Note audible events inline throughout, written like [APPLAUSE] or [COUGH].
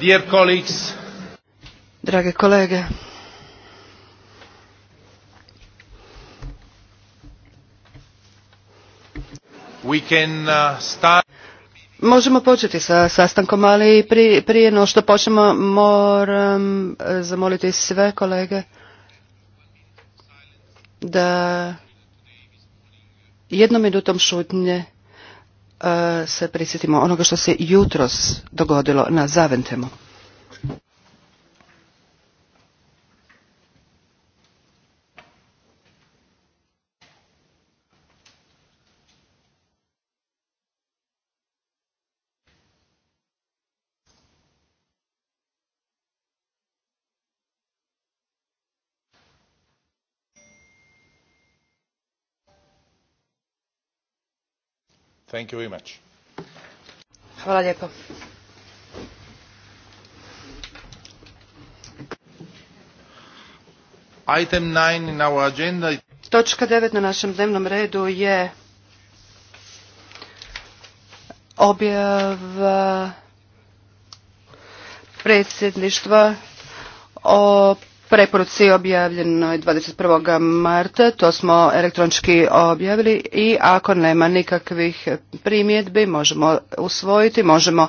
Dear colleagues. Drage kolege. We can uh, start. Možemo početi sa sastankom, ali prije, prije no što počnemo moram eh, zamoliti sve kolege da jednom minutom šutnje se prisjetimo onoga što se jutros dogodilo na Zaventemu. Thank you very much. Hvala lijepo. Item 9 in our agenda. Točka 9 na našem dnevnom redu je objava predsjedništva o preporuci objavljeno je 21. marta, to smo elektronički objavili i ako nema nikakvih primjedbi možemo usvojiti, možemo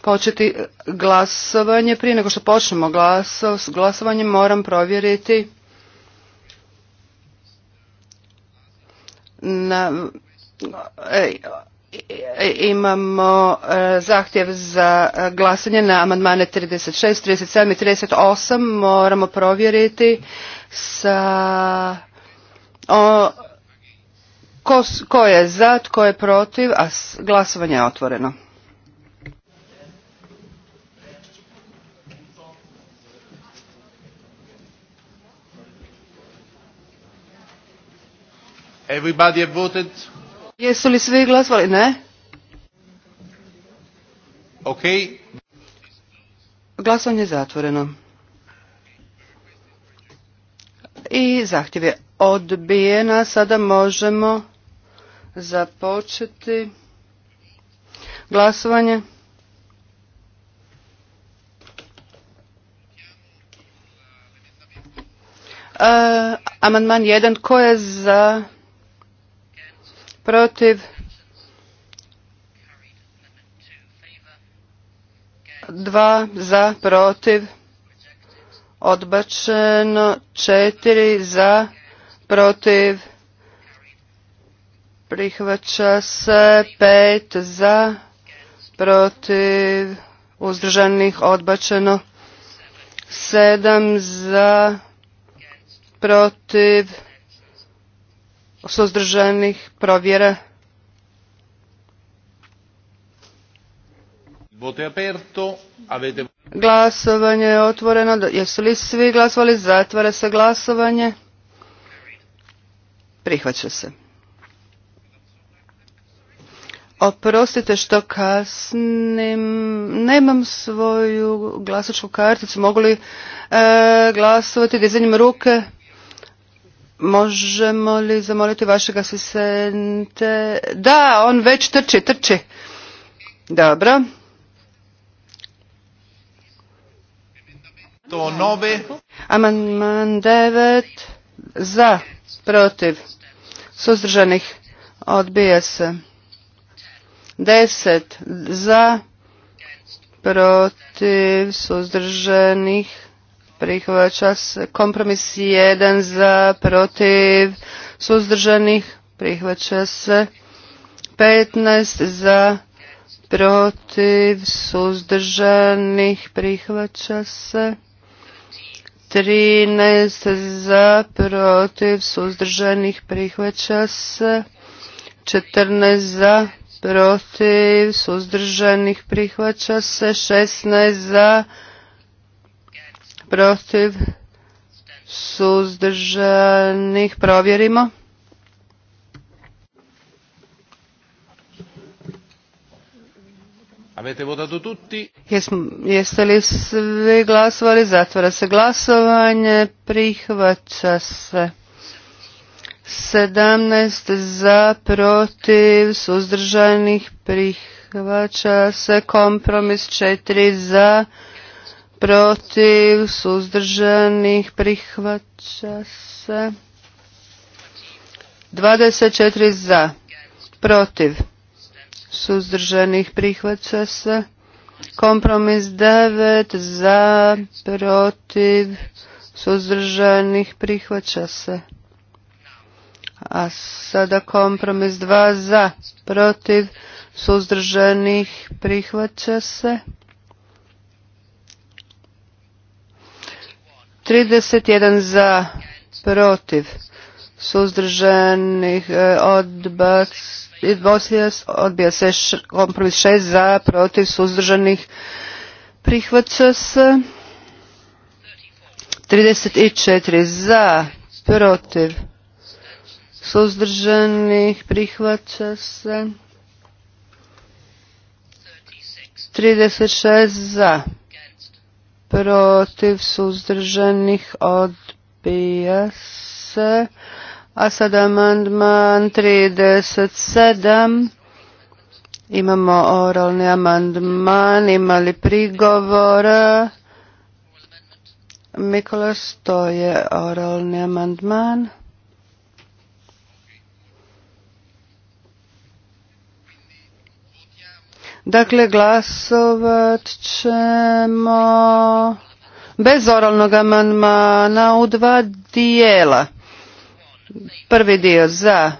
početi glasovanje. Prije nego što počnemo glaso, s glasovanjem moram provjeriti na e, imamo e, zahtjev za e, glasanje na amandmane 36, 37 i 38. Moramo provjeriti sa... O, ko, ko je za, tko je protiv, a glasovanje je otvoreno. Everybody have voted. Jesu li svi glasovali? Ne. Ok. Glasovanje je zatvoreno. I zahtjev je odbijena. Sada možemo započeti glasovanje. E, amandman 1. Ko je za protiv, dva za, protiv, odbačeno, četiri za, protiv, prihvaća se, pet za, protiv, uzdržanih, odbačeno, sedam za, protiv, suzdržanih provjera. Glasovanje je otvoreno. Jesu li svi glasovali? Zatvara se glasovanje. Prihvaća se. Oprostite što kasnim, nemam svoju glasačku karticu, mogu li e, glasovati dizanjem ruke? Možemo li zamoliti vašeg asistente? Da, on već trči, trči. Dobro. Amandman 9. Za, protiv. Suzdržanih odbija se. 10. Za, protiv. Suzdržanih prihvaća se. Kompromis 1 za, protiv, suzdržanih, prihvaća se. 15 za, protiv, suzdržanih, prihvaća se. 13 za, protiv, suzdržanih, prihvaća se. 14 za, protiv, suzdržanih, prihvaća se. 16 za, protiv, protiv, suzdržanih, provjerimo. Avete votato tutti? Jeste li svi glasovali? Zatvara se glasovanje. Prihvaća se. 17 za, protiv, suzdržanih, prihvaća se. Kompromis 4 za, protiv, suzdržanih, prihvaća se. 24 za, protiv, suzdržanih, prihvaća se. Kompromis 9 za, protiv, suzdržanih, prihvaća se. A sada kompromis 2 za, protiv, suzdržanih, prihvaća se. 31 za, protiv, suzdržanih, e, odbac, odbija se kompromis 6 za, protiv, suzdržanih, prihvaća se. 34 za, protiv, suzdržanih, prihvaća se. 36 za, protiv suzdržanih odbija se. A sada amandman 37. Imamo oralni amandman, imali prigovora. Mikolas, to je oralni amandman. Dakle, glasovat ćemo bez oralnog amandmana u dva dijela. Prvi dio za,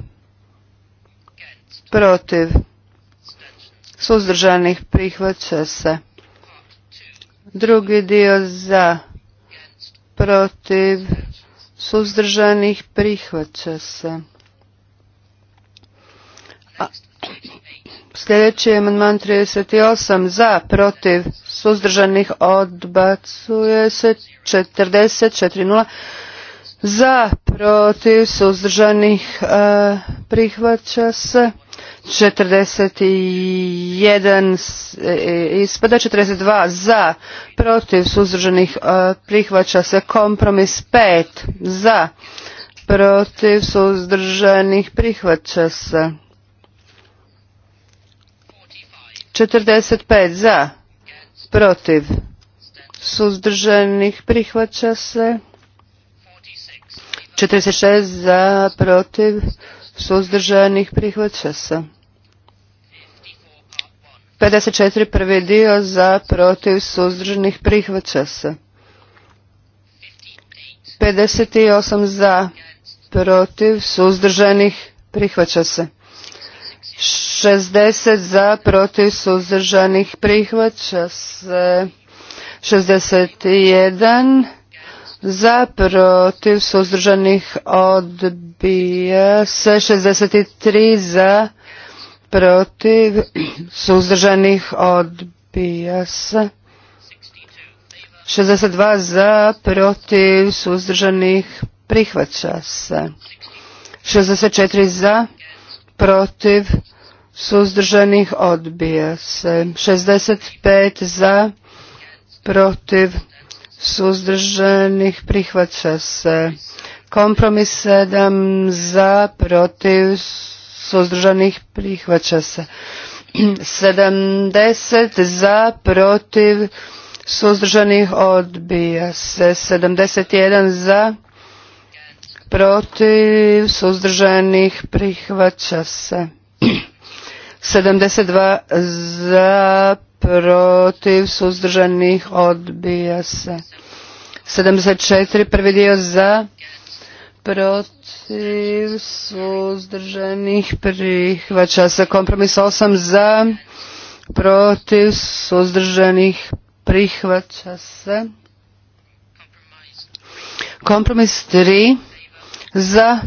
protiv, suzdržanih prihvaća se. Drugi dio za, protiv, suzdržanih prihvaća se. Sljedeći je amandman 38 za, protiv, suzdržanih odbacuje se 440 e, e, e, za, protiv, suzdržanih prihvaća se 41 ispada 42 za, protiv, suzdržanih prihvaća se kompromis 5 za, protiv, suzdržanih prihvaća se. 45 za, protiv, suzdržanih prihvaća se. 46 za, protiv, suzdržanih prihvaća se. 54 prvi dio za, protiv, suzdržanih prihvaća se. 58 za, protiv, suzdržanih prihvaća se. 60 za, protiv suzdržanih prihvaća se. 61 za, protiv suzdržanih odbija se. 63 za, protiv suzdržanih odbija se. 62 za, protiv suzdržanih prihvaća se. 64 za, protiv, suzdržanih odbija se. 65 za, protiv, suzdržanih prihvaća se. Kompromis 7 za, protiv, suzdržanih prihvaća se. 70 za, protiv, suzdržanih odbija se. 71 za, protiv, suzdržanih, prihvaća se. 72 [CLEARS THROAT] za, protiv, suzdržanih, odbija se. 74, prvi dio za, protiv, suzdržanih, prihvaća se. Kompromis 8 za, protiv, suzdržanih, prihvaća se. Kompromis 3 za,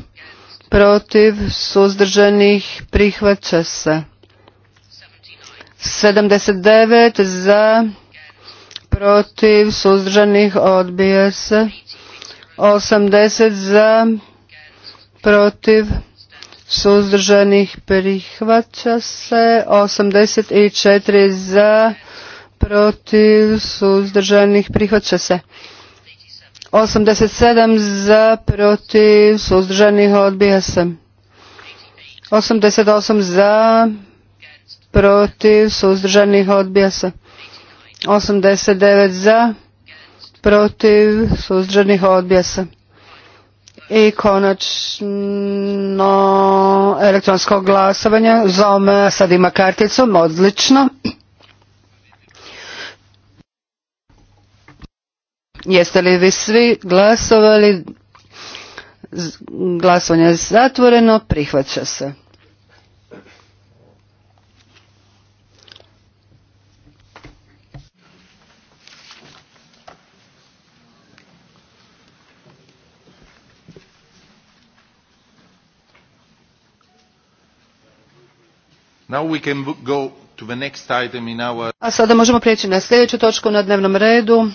protiv, suzdržanih, prihvaća se. 79 za, protiv, suzdržanih, odbija se. 80 za, protiv, suzdržanih, prihvaća se. 84 za, protiv, suzdržanih, prihvaća se. 87 za, protiv, suzdržanih odbija se. 88 za, protiv, suzdržanih odbija se. 89 za, protiv, suzdržanih odbija se. I konačno elektronsko glasovanje. Zome sad ima karticu, odlično. Jeste li vi svi glasovali? Glasovanje je zatvoreno, prihvaća se. Now we can go to the next A sada možemo prijeći na sljedeću točku na dnevnom redu.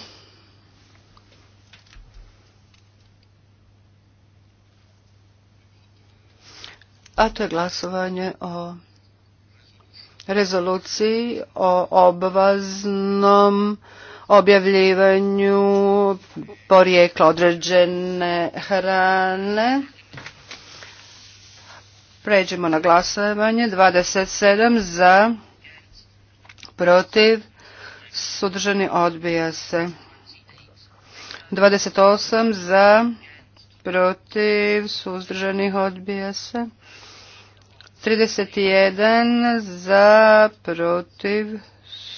a to je glasovanje o rezoluciji o obvaznom objavljivanju porijekla određene hrane. Pređemo na glasovanje. 27 za, protiv, sudržani odbija se. 28 za, protiv, suzdržanih odbija se. 31 za, protiv,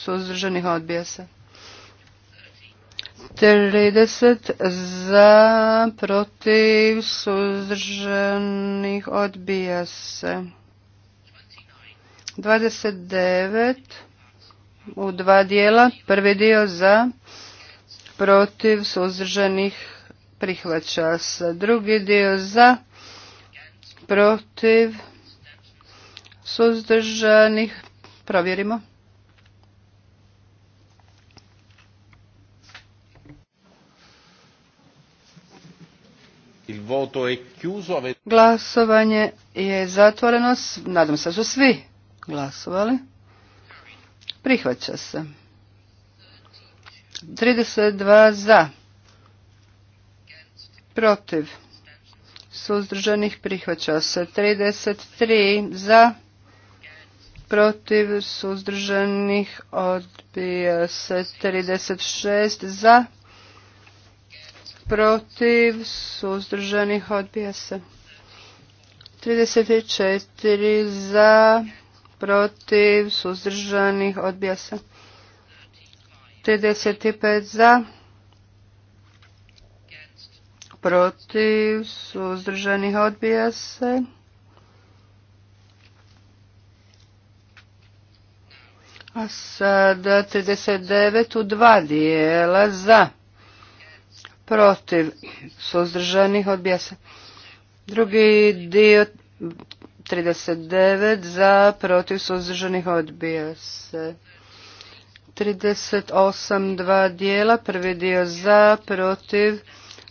suzdržanih odbija se. 30 za, protiv, suzdržanih odbija se. 29 u dva dijela, prvi dio za, protiv, suzdržanih prihvaća se. Drugi dio za, protiv, suzdržanih provjerimo. Glasovanje je zatvoreno. Nadam se da su svi glasovali. Prihvaća se. 32 za. Protiv. Suzdržanih prihvaća se. 33 za protiv, suzdržanih, odbija se 36 za, protiv, suzdržanih, odbija se 34 za, protiv, suzdržanih, odbija se 35 za, protiv, suzdržanih, odbija se A sada 39 u dva dijela za, protiv, suzdržanih, odbija se. Drugi dio 39 za, protiv, suzdržanih, odbija se. 38 dva dijela, prvi dio za, protiv,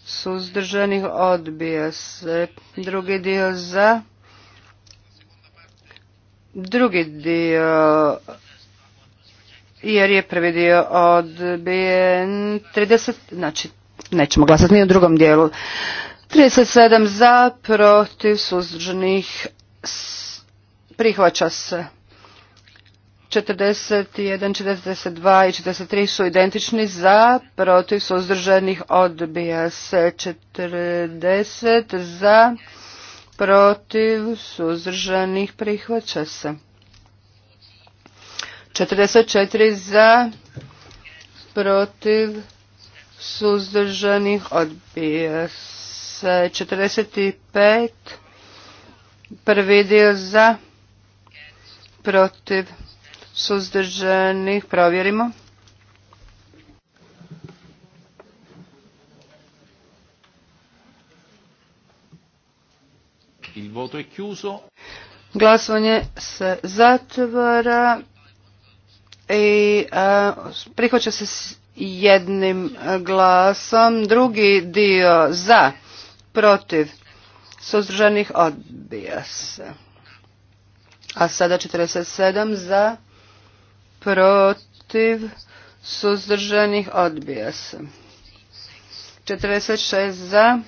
suzdržanih, odbija se. Drugi dio za, drugi dio jer je prvi dio odbijen 30, znači nećemo glasati ni u drugom dijelu. 37 za, protiv suzdržanih prihvaća se. 41, 42 i 43 su identični za, protiv suzdržanih odbija se 40 za, protiv suzdržanih prihvaća se. 44 za, protiv, suzdržanih, odbija se. 45, prvi dio za, protiv, suzdržanih, provjerimo. Il voto è chiuso. Glasovanje se zatvara i e, prihvaća se s jednim glasom. Drugi dio za, protiv, suzdržanih odbija se. A sada 47 za, protiv, suzdržanih odbija se. 46 za,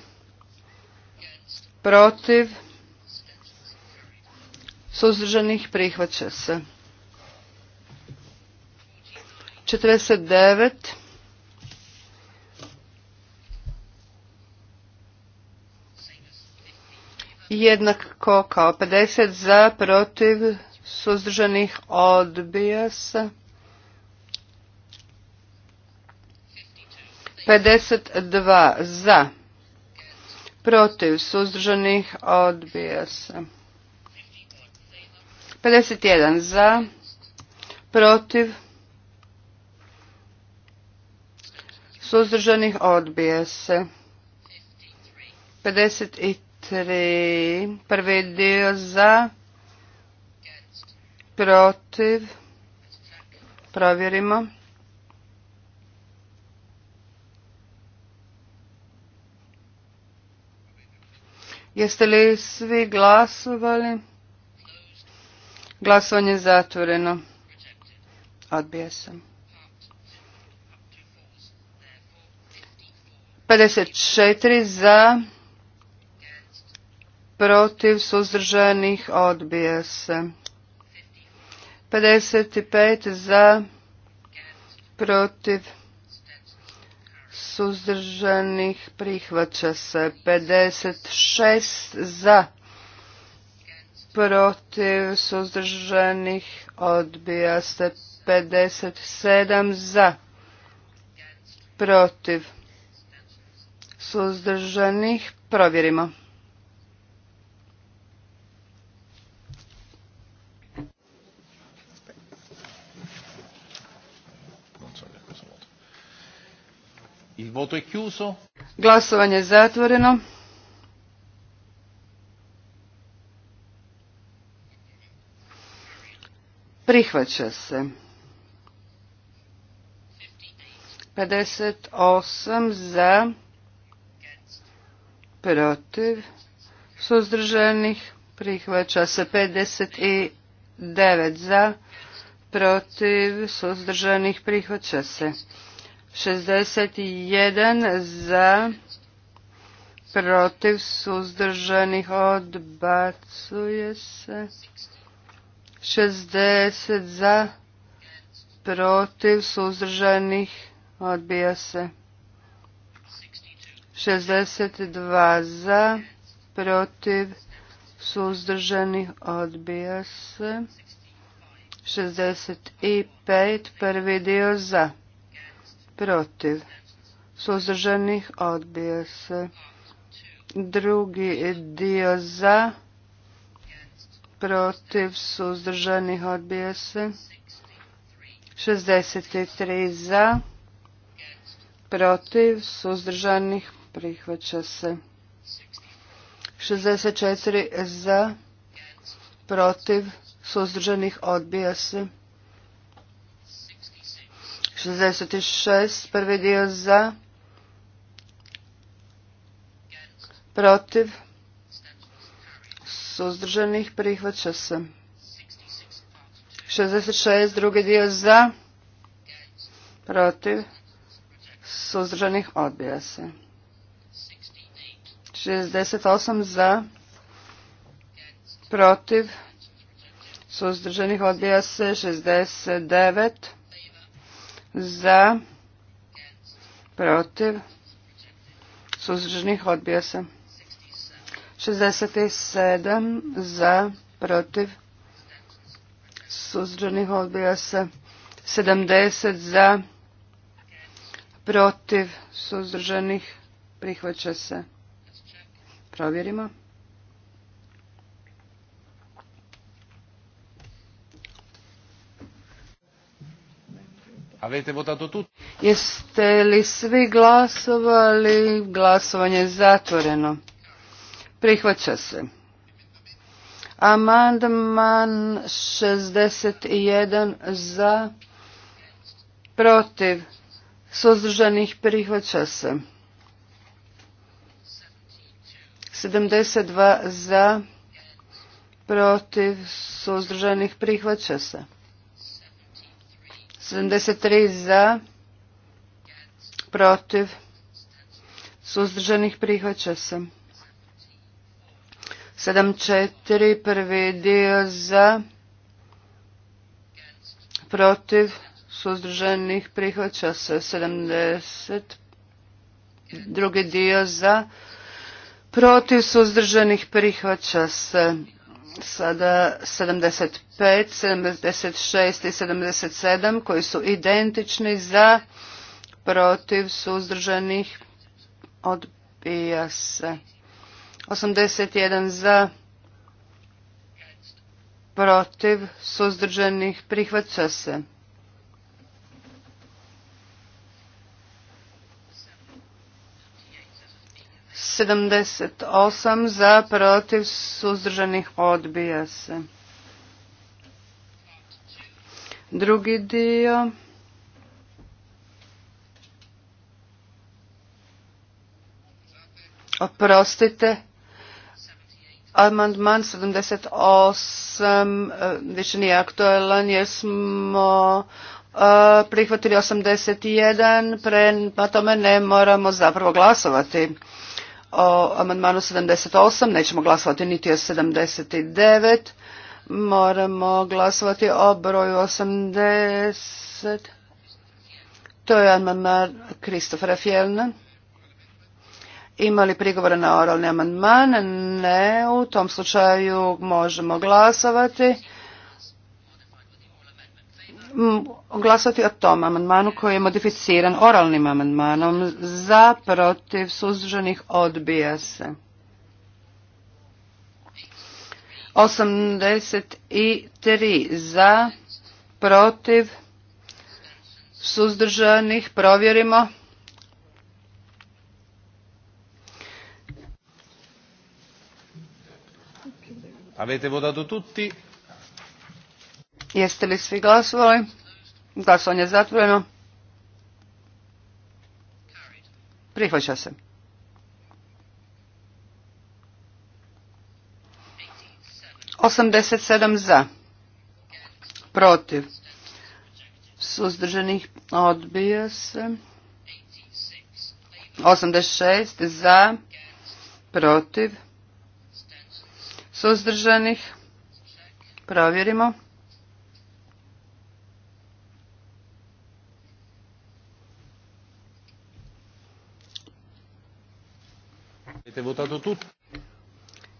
protiv, suzdržanih prihvaća se. 49. Jednako kao 50 za, protiv, suzdržanih odbija se. 52 za, protiv, suzdržanih odbija se. 51 za, protiv, suzdržanih odbije se. 53. Prvi dio za, protiv, provjerimo. Jeste li svi glasovali? Glasovanje zatvoreno. Odbija sam. 54 za, protiv suzdržanih odbija se. 55 za, protiv suzdržanih prihvaća se. 56 za, protiv suzdržanih odbija se. 57 za, protiv suzdržanih provjerimo. Il voto è chiuso. Glasovanje zatvoreno. Prihvaća se. 58 za protiv suzdržanih prihvaća se 59 za protiv suzdržanih prihvaća se 61 za protiv suzdržanih odbacuje se 60 za protiv suzdržanih odbija se 62 za, protiv, suzdržanih odbija se. 65 prvi dio za, protiv, suzdržanih, odbija se. Drugi dio za, protiv, suzdržanih, odbija se. 63 za, protiv, suzdržanih, prihvaća se. 64 za, protiv, suzdržanih odbija se. 66, prvi dio za, protiv, suzdržanih prihvaća se. 66, drugi dio za, protiv, suzdržanih odbija se. 68 za, protiv, suzdržanih odbija se 69 za, protiv, suzdržanih odbija se 67 za, protiv, suzdržanih odbija se 70 za, protiv, suzdržanih prihvaća se Provjerimo. Avete votato tutti? Jeste li svi glasovali? Glasovanje je zatvoreno. Prihvaća se. Amandman 61 za protiv suzdržanih prihvaća se. 72 za, protiv suzdržanih prihvaća se. 73 za, protiv suzdržanih prihvaća se. 74 prvi dio za, protiv suzdržanih prihvaća se. 70 drugi dio za, protiv suzdržanih prihvaća se sada 75, 76 i 77 koji su identični za protiv suzdržanih odbija se 81 za protiv suzdržanih prihvaća se 78 za protiv suzdržanih odbija se. Drugi dio. Oprostite. Amandman 78 e, više nije aktualan jer smo e, prihvatili 81, pre pa tome ne moramo zapravo glasovati o amandmanu 78, nećemo glasovati niti o 79, moramo glasovati o broju 80. To je amandman Kristofera Fjelna. Ima li prigovora na oralni amandman? Ne, u tom slučaju možemo glasovati glasati o tom amandmanu koji je modificiran oralnim amandmanom za protiv suzdržanih odbija se. 83 za protiv suzdržanih provjerimo. Avete votato tutti? Jeste li svi glasovali? Glasovanje je zatvoreno. Prihvaća se. sedam za. Protiv. Suzdržanih odbija se. Osamdeset šest za. Protiv. Suzdržanih. Provjerimo.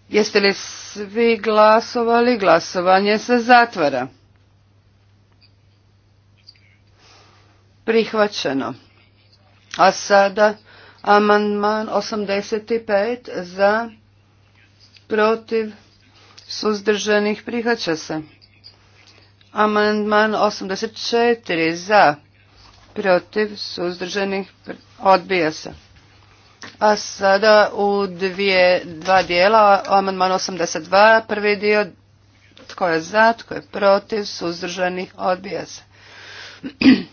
Jeste li svi glasovali? Glasovanje se zatvara. Prihvaćeno. A sada amandman 85 za protiv suzdržanih prihvaća se. Amandman 84 za protiv suzdržanih odbija se. A sada u dvije, dva dijela, amandman 82, prvi dio, tko je za, tko je protiv, suzdržani, odbija se. [CLEARS THROAT]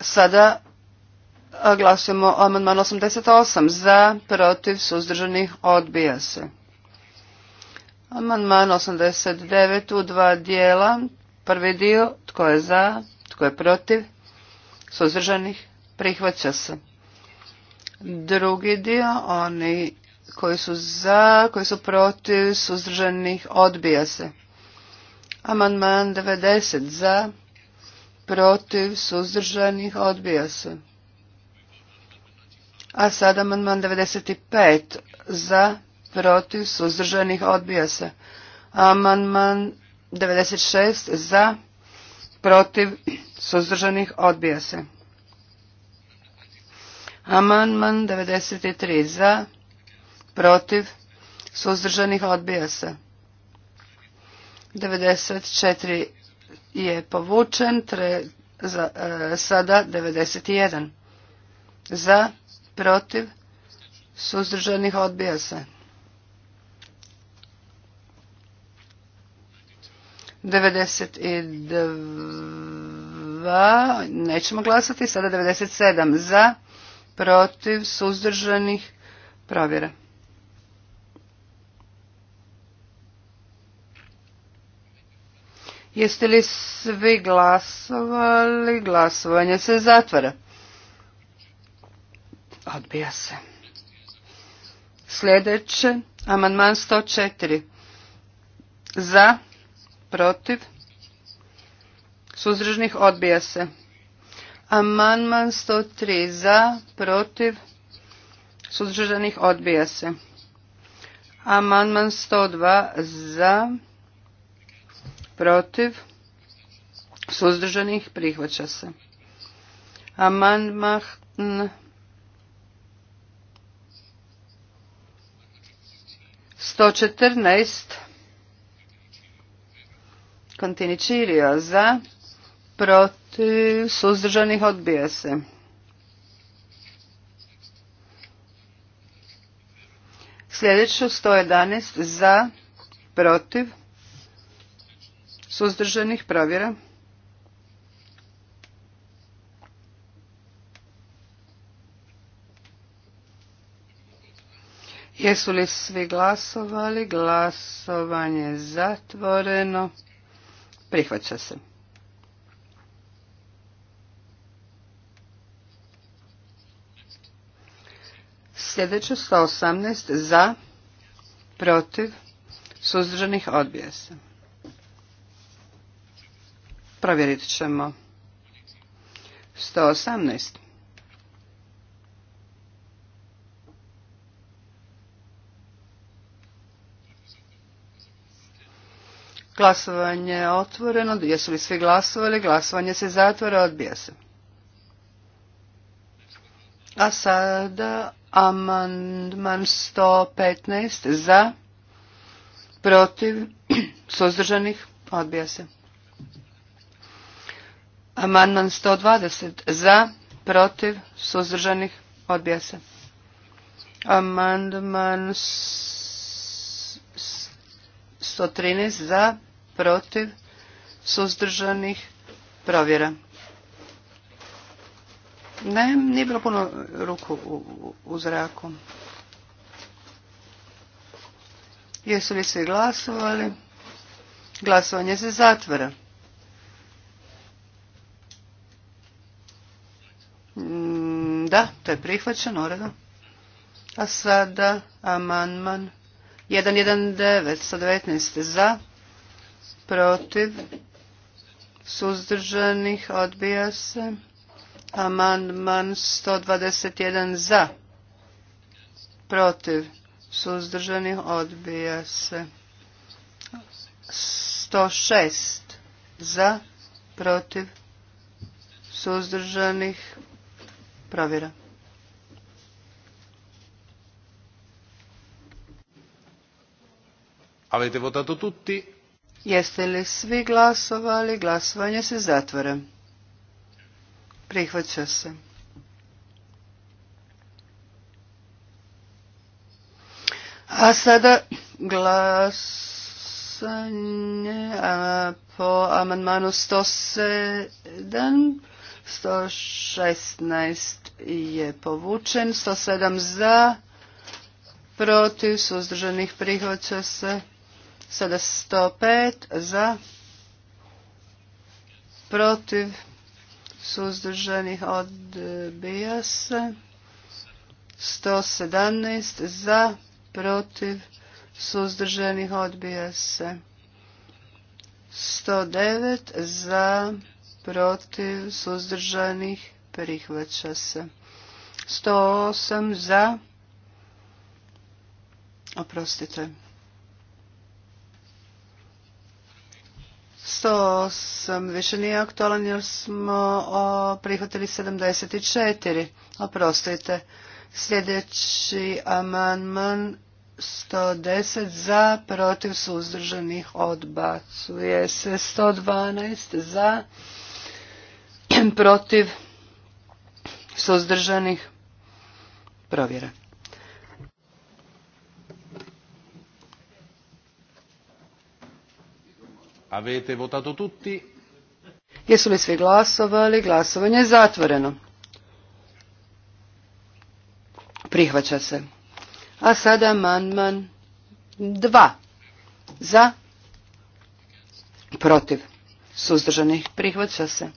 Sada glasujemo o amandman 88, za, protiv, suzdržanih, odbija se. Amandman 89 u dva dijela, prvi dio, tko je za, tko je protiv, suzdržanih, prihvaća se. Drugi dio, oni koji su za, koji su protiv, suzdržanih, odbija se. Amandman 90 za, protiv, suzdržanih, odbija se. A sada amandman 95 za, protiv, suzdržanih, odbija se. Amandman 96 za, protiv, suzdržanih, odbija se. Amandman 93 za, protiv, suzdržanih odbija se. 94 je povučen, tre, za, e, sada 91 za, protiv, suzdržanih odbija se. 92, nećemo glasati, sada 97 za, protiv, suzdržanih, provjera. Jeste li svi glasovali? Glasovanje se zatvara. Odbija se. Sljedeće, amandman 104. Za, protiv, suzdržnih odbija se. Amandman 103 za, protiv, suzdržanih odbija se. Amandman 102 za, protiv, suzdržanih prihvaća se. Amandman 114 kontinuirio za protiv, suzdržanih odbija se. Sljedeću 111 za, protiv, suzdržanih provjera. Jesu li svi glasovali? Glasovanje je zatvoreno. Prihvaća se. Sljedeće 118 za, protiv, suzdržanih odbije se. Provjerit ćemo. 118. Glasovanje je otvoreno. Jesu li svi glasovali? Glasovanje se zatvore, odbija se. A sada Amandman 115 za, protiv, suzdržanih, odbija se. Amandman 120 za, protiv, suzdržanih, odbija se. Amandman 113 za, protiv, suzdržanih, provjera. Ne, nije bilo puno ruku u, zraku. Jesu li svi glasovali? Glasovanje se zatvara. Mm, da, to je prihvaćeno, uredno. A sada amandman 119 sa za, protiv, suzdržanih, odbija se. Amandman 121 za. Protiv. suzdržanih, odbija se. 106 za. Protiv. Suzdržanih. Provjera. Avete votato tutti? Jeste li svi glasovali? Glasovanje se zatvore. Prihvaća se. A sada glasanje po amandmanu 107, 116 je povučen, 107 za, protiv, suzdržanih prihvaća se, sada 105 za, protiv, suzdržanih odbija se. 117 za, protiv, suzdržanih odbija se. 109 za, protiv, suzdržanih prihvaća se. 108 za, oprostite. sam više nije aktualan jer smo prihvatili 74. Oprostite. Sljedeći amandman 110 za, protiv suzdržanih odbacuje se. 112 za, [CLEARS THROAT] protiv suzdržanih provjera. Avete votato tutti? Jesu li svi glasovali? Glasovanje je zatvoreno. Prihvaća se. A sada amandman dva. Za. Protiv. Suzdržanih. Prihvaća se.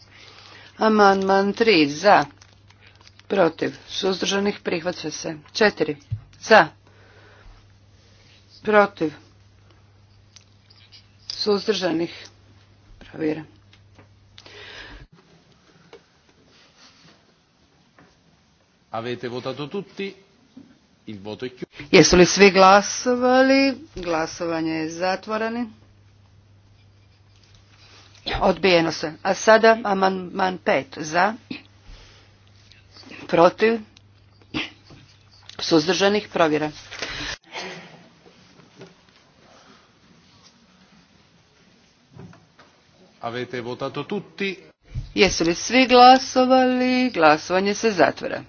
Amandman tri. Za. Protiv. Suzdržanih. Prihvaća se. Četiri. Za. Protiv suzdržanih provjera. Avete votato tutti? Il voto è chiuso. Jesu li svi glasovali? Glasovanje je zatvoreno. Odbijeno se. A sada amandman 5 za, protiv, suzdržanih provjera. votato Jesu li svi glasovali? Glasovanje se zatvara.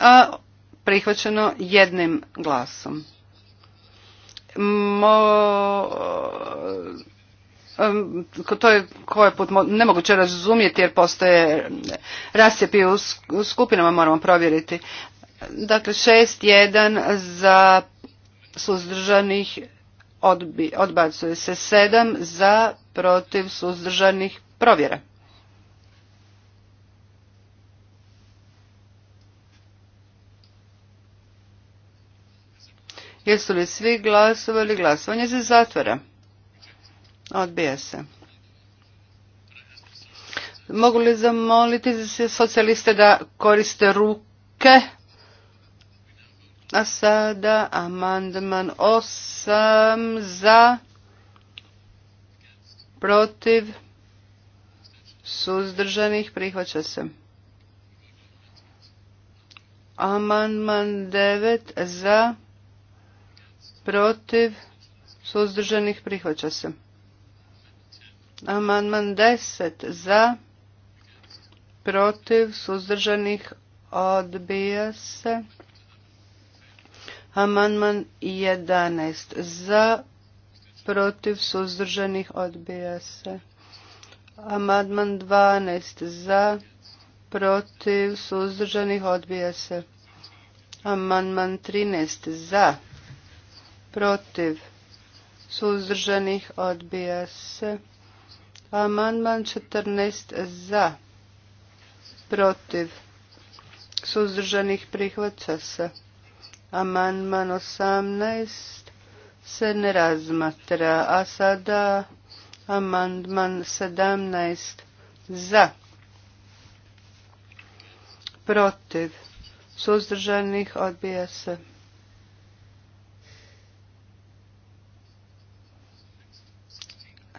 A prihvaćeno jednim glasom. to je koje put nemoguće razumjeti jer postoje rasjepi u skupinama moramo provjeriti. Dakle, 6-1 za suzdržanih odbacuje se sedam za protiv suzdržanih provjera. Jesu li svi glasovali? Glasovanje se zatvara. Odbija se. Mogu li zamoliti socijaliste da koriste ruke? A sada amandman 8 za, protiv, suzdržanih, prihvaća se. Amandman devet za, protiv, suzdržanih, prihvaća se. Amandman deset za, protiv, suzdržanih, odbija se. Amandman 11 za, protiv suzdržanih odbija se. Amandman 12 za, protiv suzdržanih odbija se. Amandman 13 za, protiv suzdržanih odbija se. Amandman 14 za, protiv suzdržanih prihvaća se. Amandman 18 se ne razmatra, a sada amandman 17 za, protiv, suzdržanih odbija se.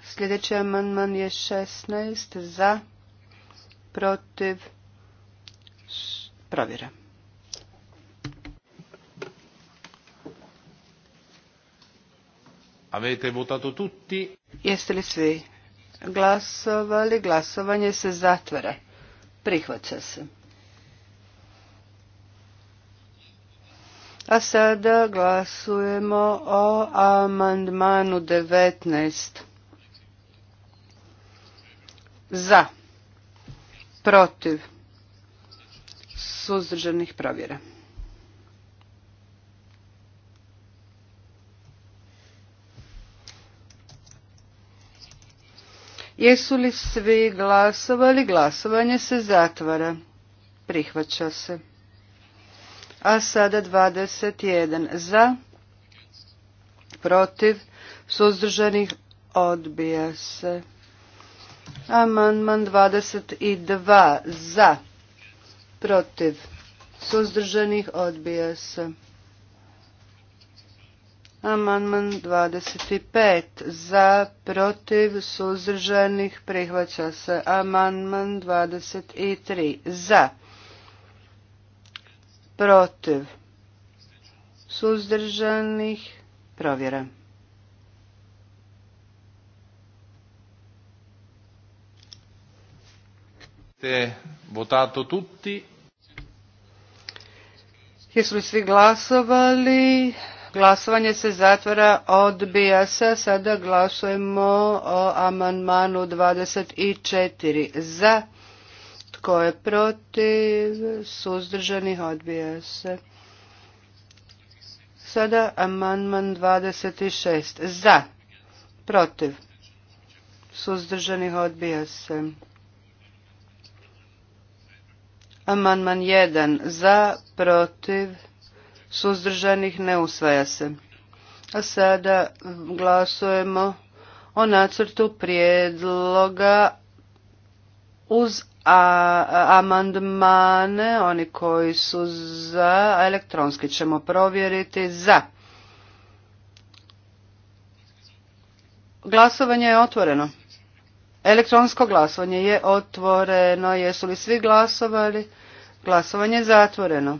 Sljedeći amandman je 16 za, protiv, provjeram. Avete votato tutti? Jeste li svi glasovali? Glasovanje se zatvara. Prihvaća se. A sada glasujemo o amandmanu 19. Za. Protiv. Suzdržanih provjera. Jesu li svi glasovali? Glasovanje se zatvara. Prihvaća se. A sada 21 za, protiv, suzdržanih odbija se. Amandman 22 za, protiv, suzdržanih odbija se. Amandman 25 za, protiv, suzdržanih, prihvaća se. Amandman 23 za, protiv, suzdržanih, provjera. Te votato tutti. Jesu li svi glasovali? Glasovanje se zatvara, odbija se. Sada glasujemo o amandmanu 24 za. Tko je protiv? Suzdržanih odbija se. Sada amandman 26 za. Protiv. Suzdržanih odbija se. Amandman 1 za. Protiv suzdržanih ne usvaja se. A sada glasujemo o nacrtu prijedloga uz amandmane, oni koji su za, elektronski ćemo provjeriti za. Glasovanje je otvoreno. Elektronsko glasovanje je otvoreno. Jesu li svi glasovali? Glasovanje je zatvoreno.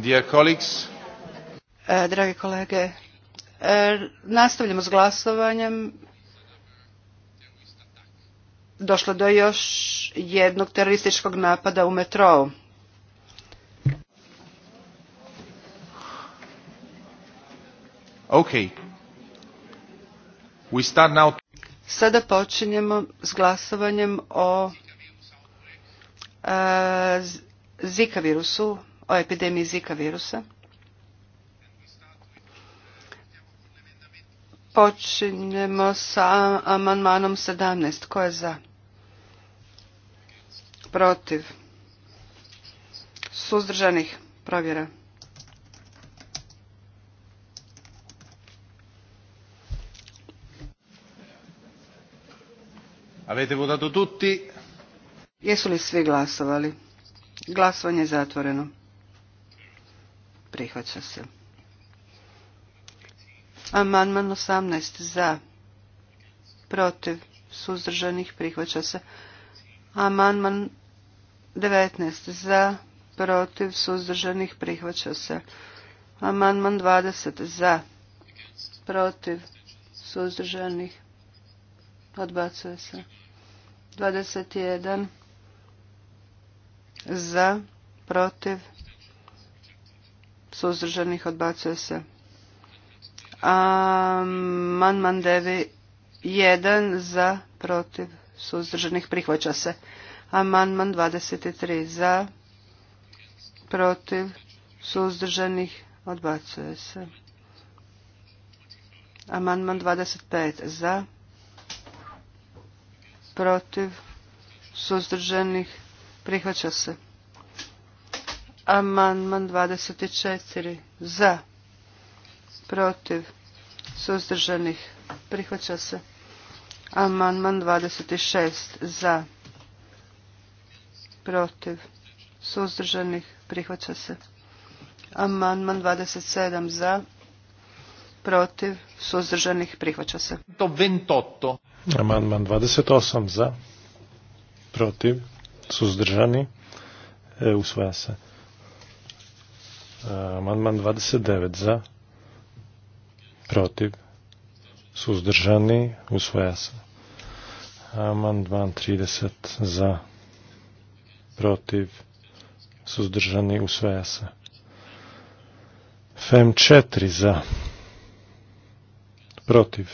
Dear colleagues. E, dragi kolege, e, nastavljamo s glasovanjem. Došlo do još jednog terorističkog napada u metro. Okay. Sada počinjemo s glasovanjem o e, Zika virusu o epidemiji Zika virusa. Počinjemo sa amandmanom 17. Ko je za? Protiv. Suzdržanih provjera. Avete votato tutti? Jesu li svi glasovali? Glasovanje je zatvoreno prihvaća se. Amandman 18 za, protiv, suzdržanih, prihvaća se. Amandman 19 za, protiv, suzdržanih, prihvaća se. Amandman 20 za, protiv, suzdržanih, odbacuje se. 21 za, protiv, suzdržanih odbacuje se. Amandman 9 1 za protiv suzdržanih prihvaća se. Amandman 23 za protiv suzdržanih odbacuje se. Amandman 25 za protiv suzdržanih prihvaća se. Amandman 24. Za. Protiv. Suzdržanih. Prihvaća se. Amandman 26. Za. Protiv. Suzdržanih. Prihvaća se. Amandman 27. Za. Protiv. Suzdržanih. Prihvaća se. to Amandman 28. Za. Protiv. Suzdržani. E, usvaja se. E, amandman 29 za, protiv, suzdržani, usvoja se. Amandman 30 za, protiv, suzdržani, usvoja se. FEM 4 za, protiv,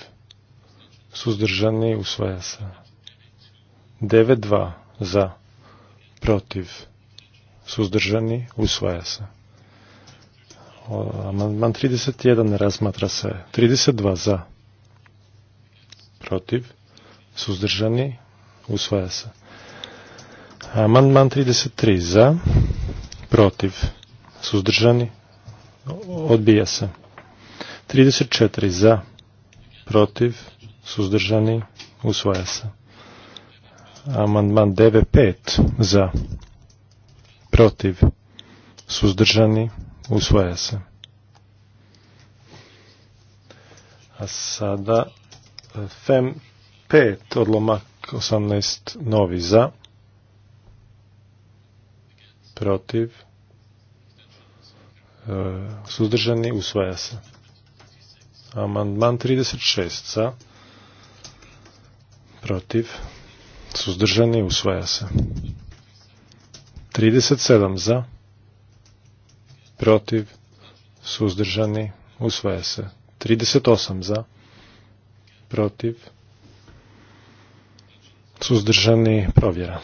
suzdržani, usvaja se. 9.2 za, protiv, suzdržani, usvaja se. Amandman 31 ne razmatra se. 32 za. Protiv. Suzdržani. Usvaja se. Amandman 33 za. Protiv. Suzdržani. Odbija se. 34 za. Protiv. Suzdržani. Usvaja se. Amandman 95 za. Protiv. Suzdržani. Usvaja se. A sada e, FEM 5 odlomak 18 novi e, za. Protiv. suzdržani usvaja se. Amandman 36 za. Protiv. Suzdržani usvaja se. 37 za protiv, suzdržani, usvaja se. 38 za, protiv, suzdržani, provjera.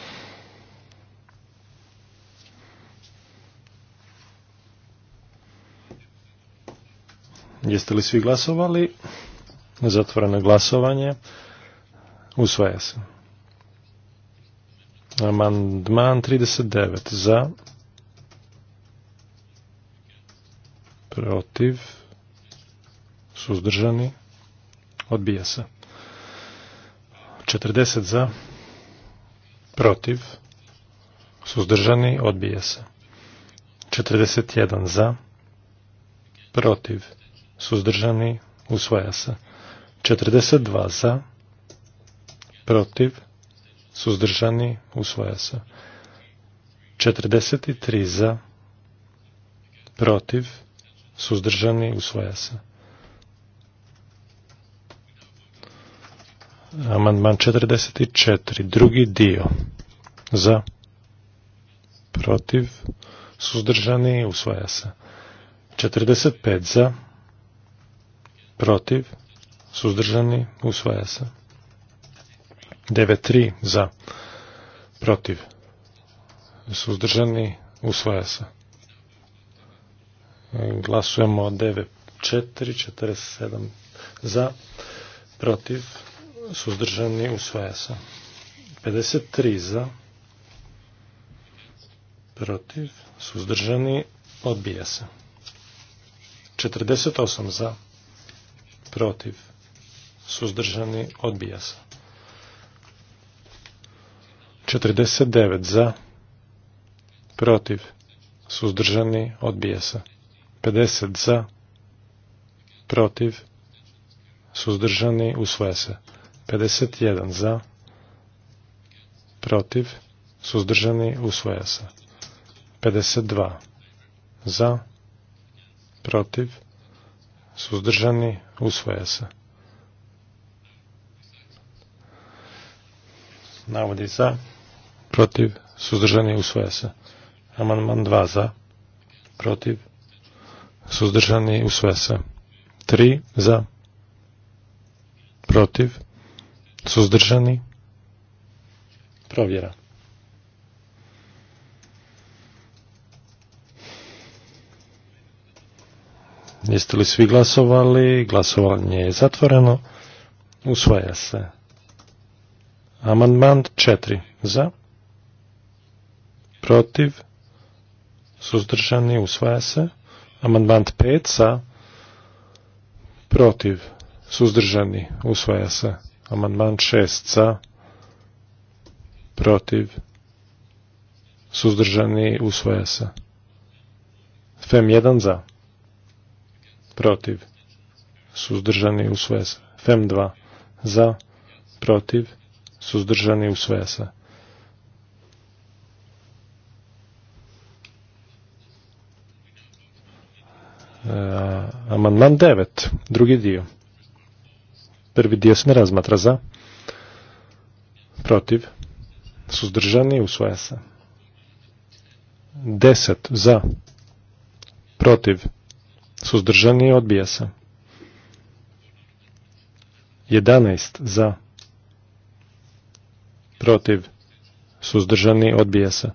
Jeste li svi glasovali? Zatvoreno glasovanje. Usvaja se. Amandman 39 za, protiv, suzdržani, odbija se. 40 za, protiv, suzdržani, odbija se. 41 za, protiv, suzdržani, usvaja se. 42 za, protiv, suzdržani, usvaja se. 43 za, protiv, suzdržani, usvaja se. Amandman 44. Drugi dio. Za. Protiv. Suzdržani. Usvaja se. 45. Za. Protiv. Suzdržani. Usvaja se. 93. Za. Protiv. Suzdržani. Usvaja se. Glasujemo 9-4, 47 za, protiv, suzdržani, usvaja se. 53 za, protiv, suzdržani, odbija se. 48 za, protiv, suzdržani, odbija se. 49 za, protiv, suzdržani, odbija se. 50 za, protiv, suzdržani, usvoja se. 51 za, protiv, suzdržani, usvoja se. 52 za, protiv, suzdržani, usvoja se. Navodi za, protiv, suzdržani, usvoja se. Amandman 2 za, protiv, suzdržani, usvaja se. 3 za, protiv, suzdržani, provjera. Jeste li svi glasovali? Glasovanje je zatvoreno. Usvaja se. Amandman 4. Za. Protiv. Suzdržani. Usvaja se. Amandman 5 sa protiv suzdržani usvaja se. Amandman 6 sa protiv suzdržani usvaja se. FEM 1 za protiv suzdržani usvaja se. FEM 2 za protiv suzdržani usvaja se. Amandman devet, drugi dio. Prvi dio se ne razmatra za, protiv, suzdržani, usvaja se. Deset za, protiv, suzdržani, odbija se. 11 za, protiv, suzdržani, odbija se.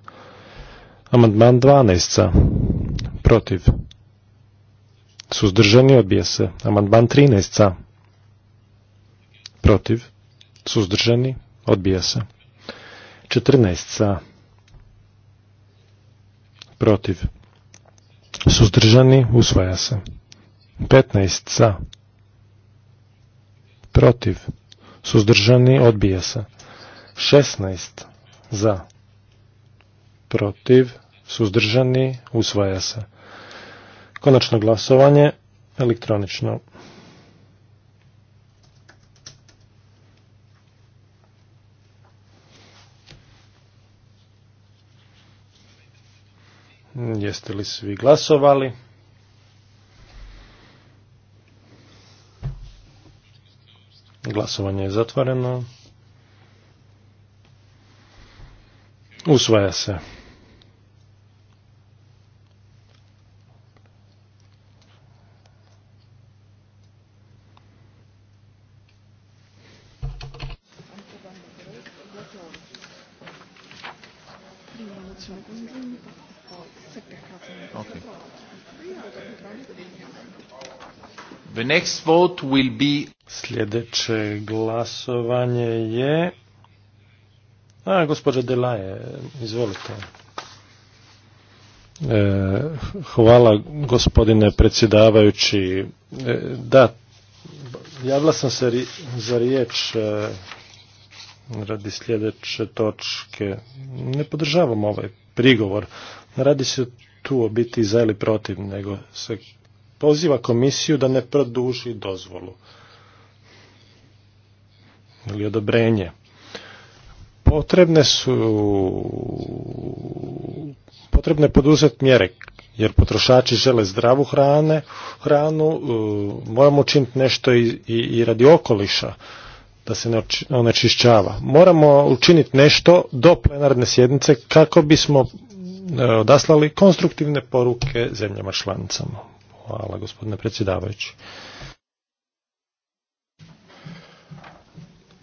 Amandman dvanaest za, protiv, Suzdržani odbija se. Amandman 13 za. Protiv. Suzdržani odbija se. 14 za. Protiv. Suzdržani usvaja se. 15 sa. Protiv. Suzdržani odbija se. 16 za. Protiv. Suzdržani usvaja se. Konačno glasovanje elektronično. Jeste li svi glasovali? Glasovanje je zatvoreno. Usvaja se. next Sljedeće glasovanje je... A, gospođa Delaje, izvolite. E, hvala gospodine predsjedavajući. E, da, javila sam se za riječ e, radi sljedeće točke. Ne podržavam ovaj prigovor. radi se tu o biti za ili protiv, nego se poziva komisiju da ne produži dozvolu ili odobrenje. Potrebne su potrebne poduzet mjere jer potrošači žele zdravu hrane, hranu, e, moramo učiniti nešto i, i, i radi okoliša da se ne onečišćava. Moramo učiniti nešto do plenarne sjednice kako bismo e, odaslali konstruktivne poruke zemljama članicama. Hvala gospodine predsjedavajući.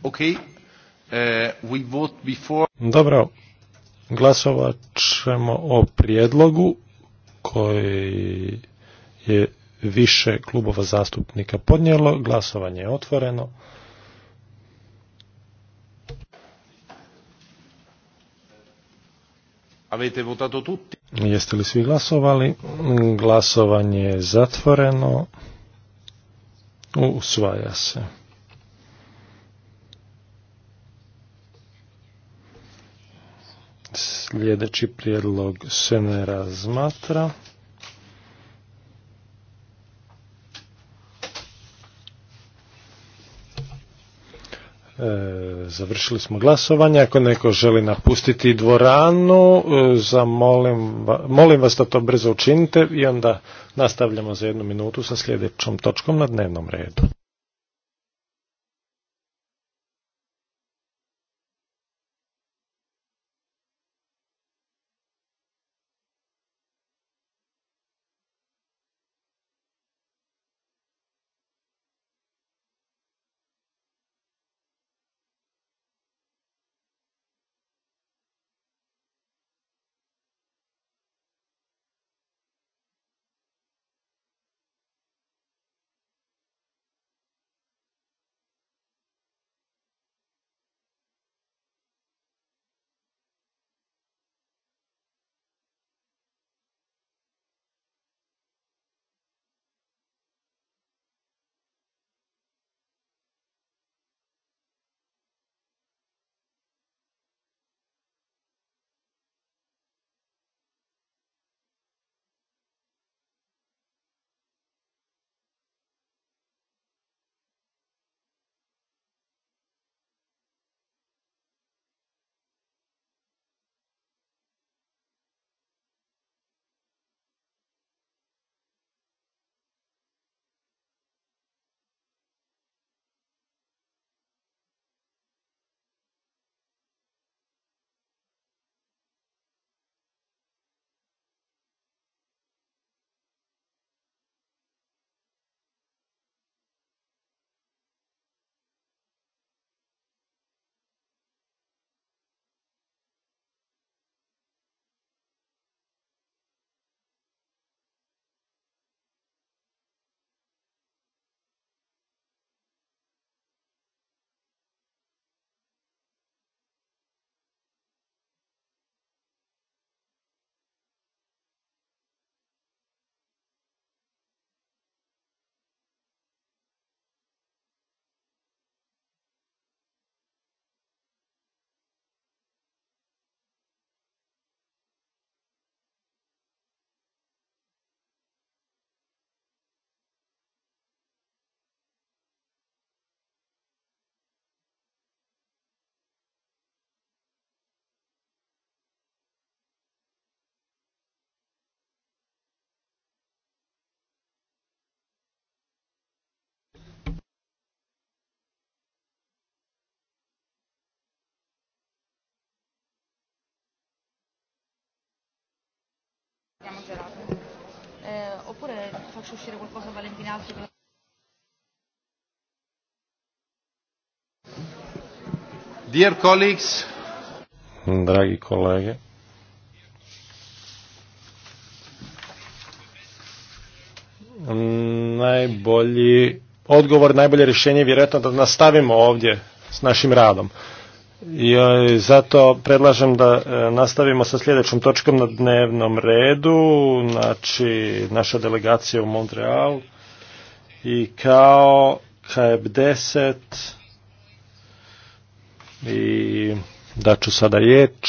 Uh, Dobro, glasovat ćemo o prijedlogu koji je više klubova zastupnika podnijelo. Glasovanje je otvoreno. Avete votato tutti? Jeste li svi glasovali? Glasovanje je zatvoreno. Usvaja se. Sljedeći prijedlog se ne razmatra. E, završili smo glasovanje. Ako neko želi napustiti dvoranu, e, molim vas da to brzo učinite i onda nastavljamo za jednu minutu sa sljedećom točkom na dnevnom redu. Siamo gelati. Eh, oppure faccio uscire qualcosa a Valentinazzi. Per... Dear colleagues. Dragi kolege. Najbolji odgovor, najbolje rješenje je vjerojatno da nastavimo ovdje s našim radom. I zato predlažem da e, nastavimo sa sljedećom točkom na dnevnom redu, znači naša delegacija u Montreal i kao KF10 i ću sada riječ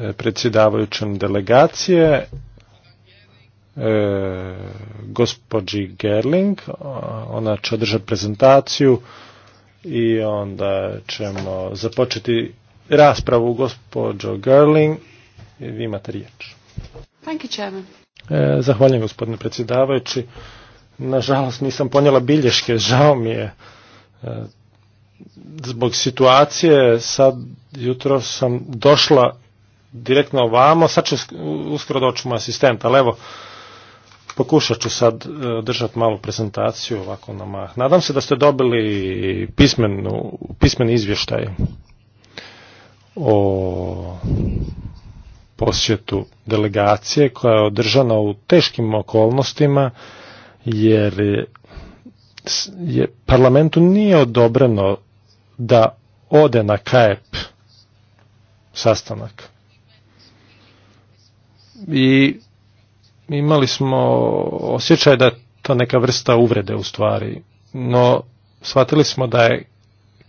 e, predsjedavajućem delegacije e, gospođi Gerling, ona će održati prezentaciju i onda ćemo započeti raspravu gospođo Gerling. Vi imate riječ. Thank you, e, zahvaljujem gospodine predsjedavajući. Nažalost nisam ponijela bilješke, žao mi je. E, zbog situacije sad jutro sam došla direktno ovamo, sad će uskoro doći moj asistent, ali evo Pokušat ću sad e, držati malu prezentaciju ovako na mah. Nadam se da ste dobili pismeni izvještaj o posjetu delegacije koja je održana u teškim okolnostima jer je parlamentu nije odobreno da ode na KEP sastanak. I imali smo osjećaj da je to neka vrsta uvrede u stvari, no shvatili smo da je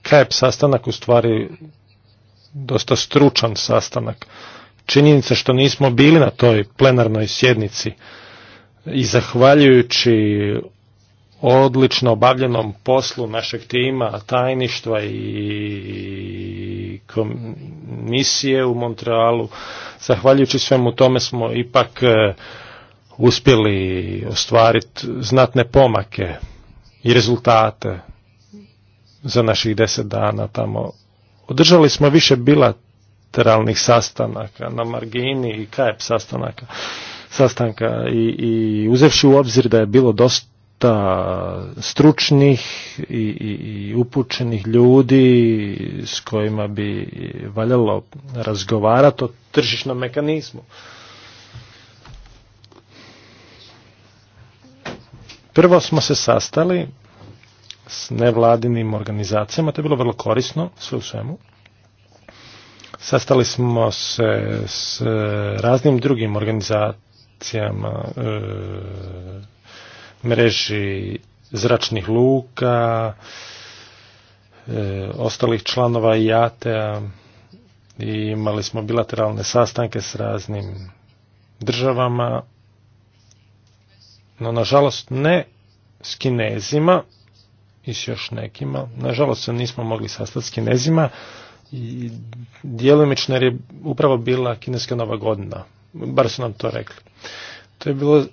KEP sastanak u stvari dosta stručan sastanak. Činjenica što nismo bili na toj plenarnoj sjednici i zahvaljujući odlično obavljenom poslu našeg tima, tajništva i komisije u Montrealu. Zahvaljujući svemu tome smo ipak eh, uspjeli ostvariti znatne pomake i rezultate za naših deset dana tamo. Održali smo više bilateralnih sastanaka na margini i kajep sastanaka, sastanka i, i uzevši u obzir da je bilo dosta stručnih i, i, upućenih ljudi s kojima bi valjalo razgovarati o tržišnom mekanizmu. Prvo smo se sastali s nevladinim organizacijama, to je bilo vrlo korisno, sve u svemu. Sastali smo se s e, raznim drugim organizacijama, e, mreži zračnih luka, e, ostalih članova IATE-a i imali smo bilateralne sastanke s raznim državama no nažalost ne s kinezima i s još nekima. Nažalost se nismo mogli sastati s kinezima i djelomično jer je upravo bila kineska nova godina. Bar su nam to rekli. To je bilo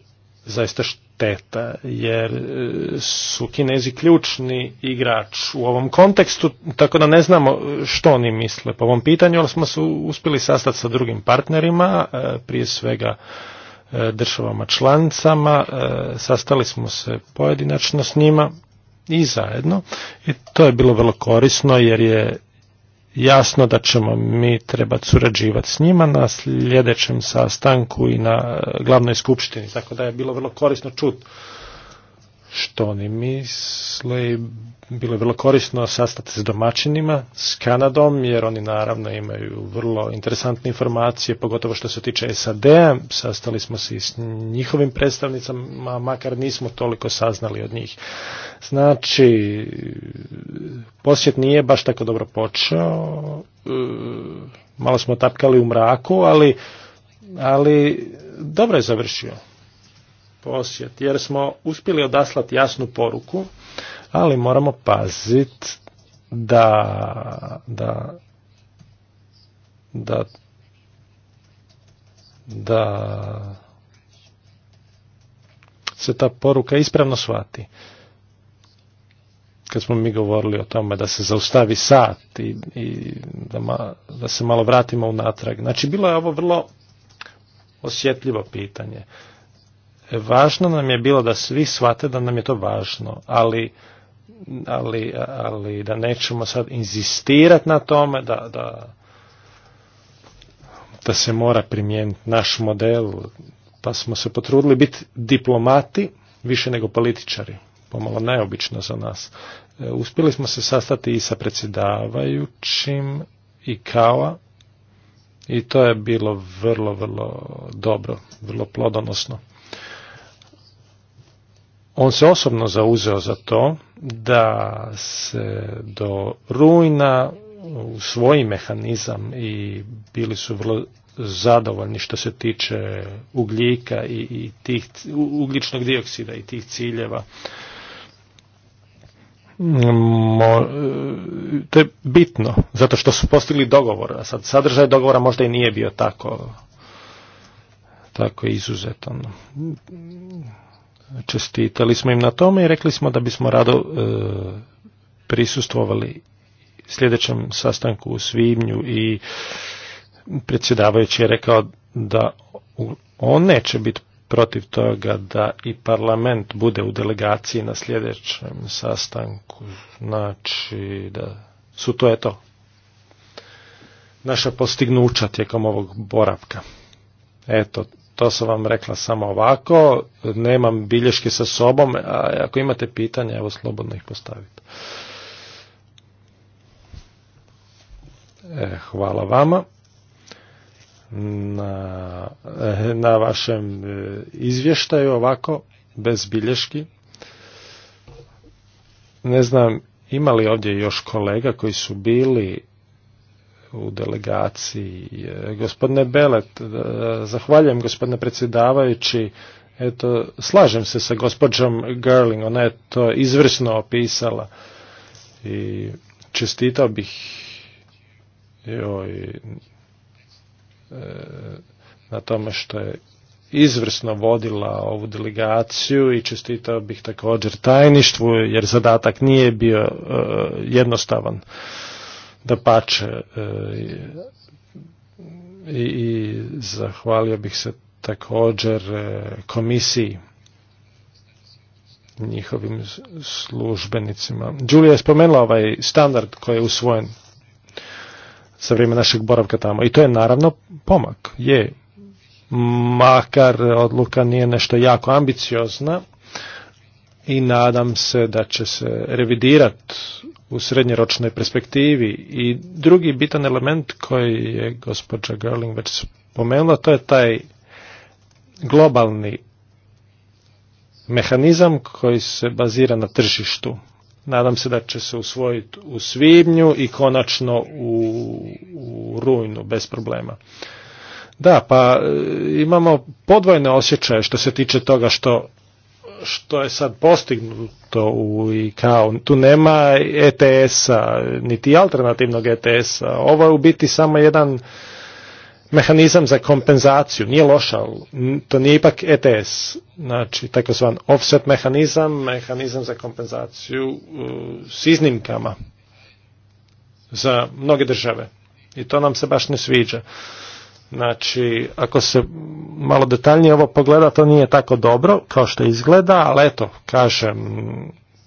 zaista šteta jer e, su kinezi ključni igrač u ovom kontekstu tako da ne znamo e, što oni misle po ovom pitanju ali smo se uspjeli sastati sa drugim partnerima e, prije svega E, državama članicama, e, sastali smo se pojedinačno s njima i zajedno i to je bilo vrlo korisno jer je jasno da ćemo mi trebati surađivati s njima na sljedećem sastanku i na e, glavnoj skupštini, tako da je bilo vrlo korisno čuti što oni misle i bilo je vrlo korisno sastati s domaćinima, s Kanadom, jer oni naravno imaju vrlo interesantne informacije, pogotovo što se tiče SAD-a. Sastali smo se i s njihovim predstavnicama, makar nismo toliko saznali od njih. Znači, posjet nije baš tako dobro počeo, e, malo smo tapkali u mraku, ali, ali dobro je završio posjet, jer smo uspjeli odaslati jasnu poruku, ali moramo paziti da, da, da, da se ta poruka ispravno shvati. Kad smo mi govorili o tome da se zaustavi sat i, i da, ma, da se malo vratimo unatrag. Znači, bilo je ovo vrlo osjetljivo pitanje. Važno nam je bilo da svi shvate da nam je to važno, ali, ali, ali da nećemo sad inzistirati na tome da, da, da se mora primijeniti naš model, pa smo se potrudili biti diplomati više nego političari, pomalo neobično za nas. E, uspjeli smo se sastati i sa predsjedavajućim i kao i to je bilo vrlo, vrlo dobro, vrlo plodonosno. On se osobno zauzeo za to da se do rujna usvoji mehanizam i bili su vrlo zadovoljni što se tiče ugljika i, i tih, ugljičnog dioksida i tih ciljeva. Mo, to je bitno, zato što su postigli dogovor, a sad sadržaj dogovora možda i nije bio tako, tako izuzetan čestitali smo im na tome i rekli smo da bismo rado e, prisustvovali sljedećem sastanku u svibnju i predsjedavajući je rekao da on neće biti protiv toga da i parlament bude u delegaciji na sljedećem sastanku. Znači da su to eto naša postignuća tijekom ovog boravka. Eto, to sam vam rekla samo ovako, nemam bilješke sa sobom, a ako imate pitanja, evo slobodno ih postavite. E, hvala vama na, e, na vašem e, izvještaju ovako, bez bilješki. Ne znam, ima li ovdje još kolega koji su bili u delegaciji. Gospodine Belet, e, zahvaljujem gospodine predsjedavajući. Eto, slažem se sa gospođom Gerling, ona je to izvrsno opisala i čestitao bih joj e, na tome što je izvrsno vodila ovu delegaciju i čestitao bih također tajništvu jer zadatak nije bio e, jednostavan da pače e, i, zahvalio bih se također e, komisiji njihovim službenicima. Julia je spomenula ovaj standard koji je usvojen sa vrijeme našeg boravka tamo i to je naravno pomak. Je, makar odluka nije nešto jako ambiciozna i nadam se da će se revidirati u srednjeročnoj perspektivi. I drugi bitan element koji je gospođa Gerling već spomenula, to je taj globalni mehanizam koji se bazira na tržištu. Nadam se da će se usvojiti u svibnju i konačno u, u rujnu bez problema. Da, pa e, imamo podvojne osjećaje što se tiče toga što što je sad postignuto u ICAO. Tu nema ETS-a, niti alternativnog ETS-a. Ovo je u biti samo jedan mehanizam za kompenzaciju. Nije loša, to nije ipak ETS. Znači, takozvan offset mehanizam, mehanizam za kompenzaciju s iznimkama za mnoge države. I to nam se baš ne sviđa. Znači, ako se malo detaljnije ovo pogleda, to nije tako dobro kao što izgleda, ali eto, kažem,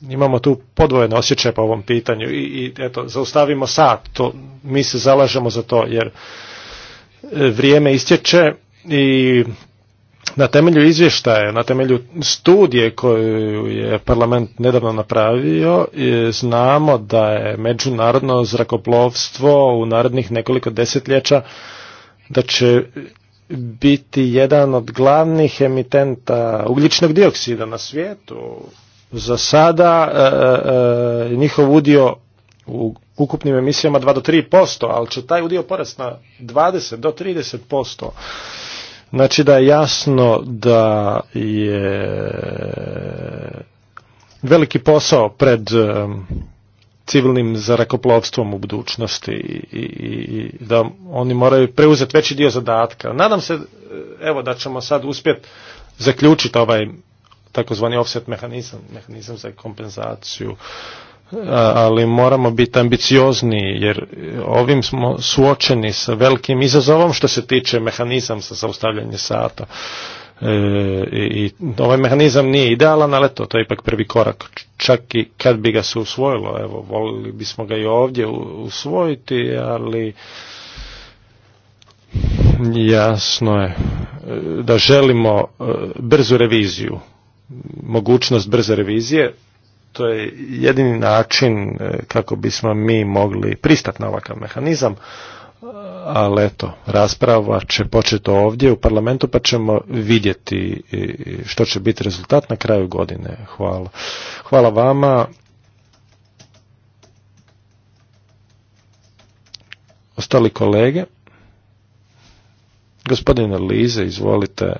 imamo tu podvojene osjećaje po ovom pitanju i, i eto, zaustavimo sad, to, mi se zalažemo za to jer e, vrijeme istječe i na temelju izvještaja, na temelju studije koju je parlament nedavno napravio, e, znamo da je međunarodno zrakoplovstvo u narednih nekoliko desetljeća da će biti jedan od glavnih emitenta ugljičnog dioksida na svijetu. Za sada e, e, e, njihov udio u ukupnim emisijama 2 do 3%, ali će taj udio porast na 20 do 30%. Znači da je jasno da je veliki posao pred civilnim zarakoplovstvom u budućnosti i, i, i da oni moraju preuzeti veći dio zadatka. Nadam se eh, evo da ćemo sad uspjeti zaključiti ovaj takozvani offset mehanizam, mehanizam za kompenzaciju, eh, ali moramo biti ambiciozni jer eh, ovim smo suočeni sa velikim izazovom što se tiče mehanizam za zaustavljanje sata. i, ovaj mehanizam nije idealan, ali to, to je ipak prvi korak čak i kad bi ga se usvojilo, evo, volili bismo ga i ovdje usvojiti, ali jasno je e, da želimo e, brzu reviziju, mogućnost brze revizije, to je jedini način e, kako bismo mi mogli pristati na ovakav mehanizam, ali eto, rasprava će početi ovdje u parlamentu pa ćemo vidjeti što će biti rezultat na kraju godine. Hvala. Hvala vama. Ostali kolege. Gospodine Lize, izvolite.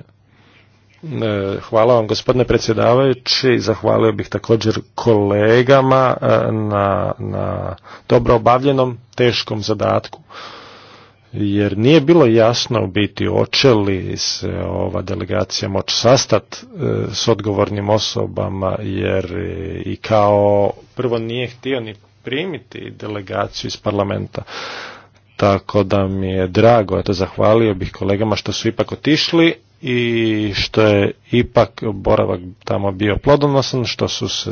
E, hvala vam gospodine predsjedavajući, zahvalio bih također kolegama e, na, na dobro obavljenom teškom zadatku jer nije bilo jasno u biti oče li se ova delegacija moći sastat e, s odgovornim osobama jer e, i kao prvo nije htio ni primiti delegaciju iz parlamenta tako da mi je drago eto zahvalio bih kolegama što su ipak otišli i što je ipak boravak tamo bio plodonosan što su se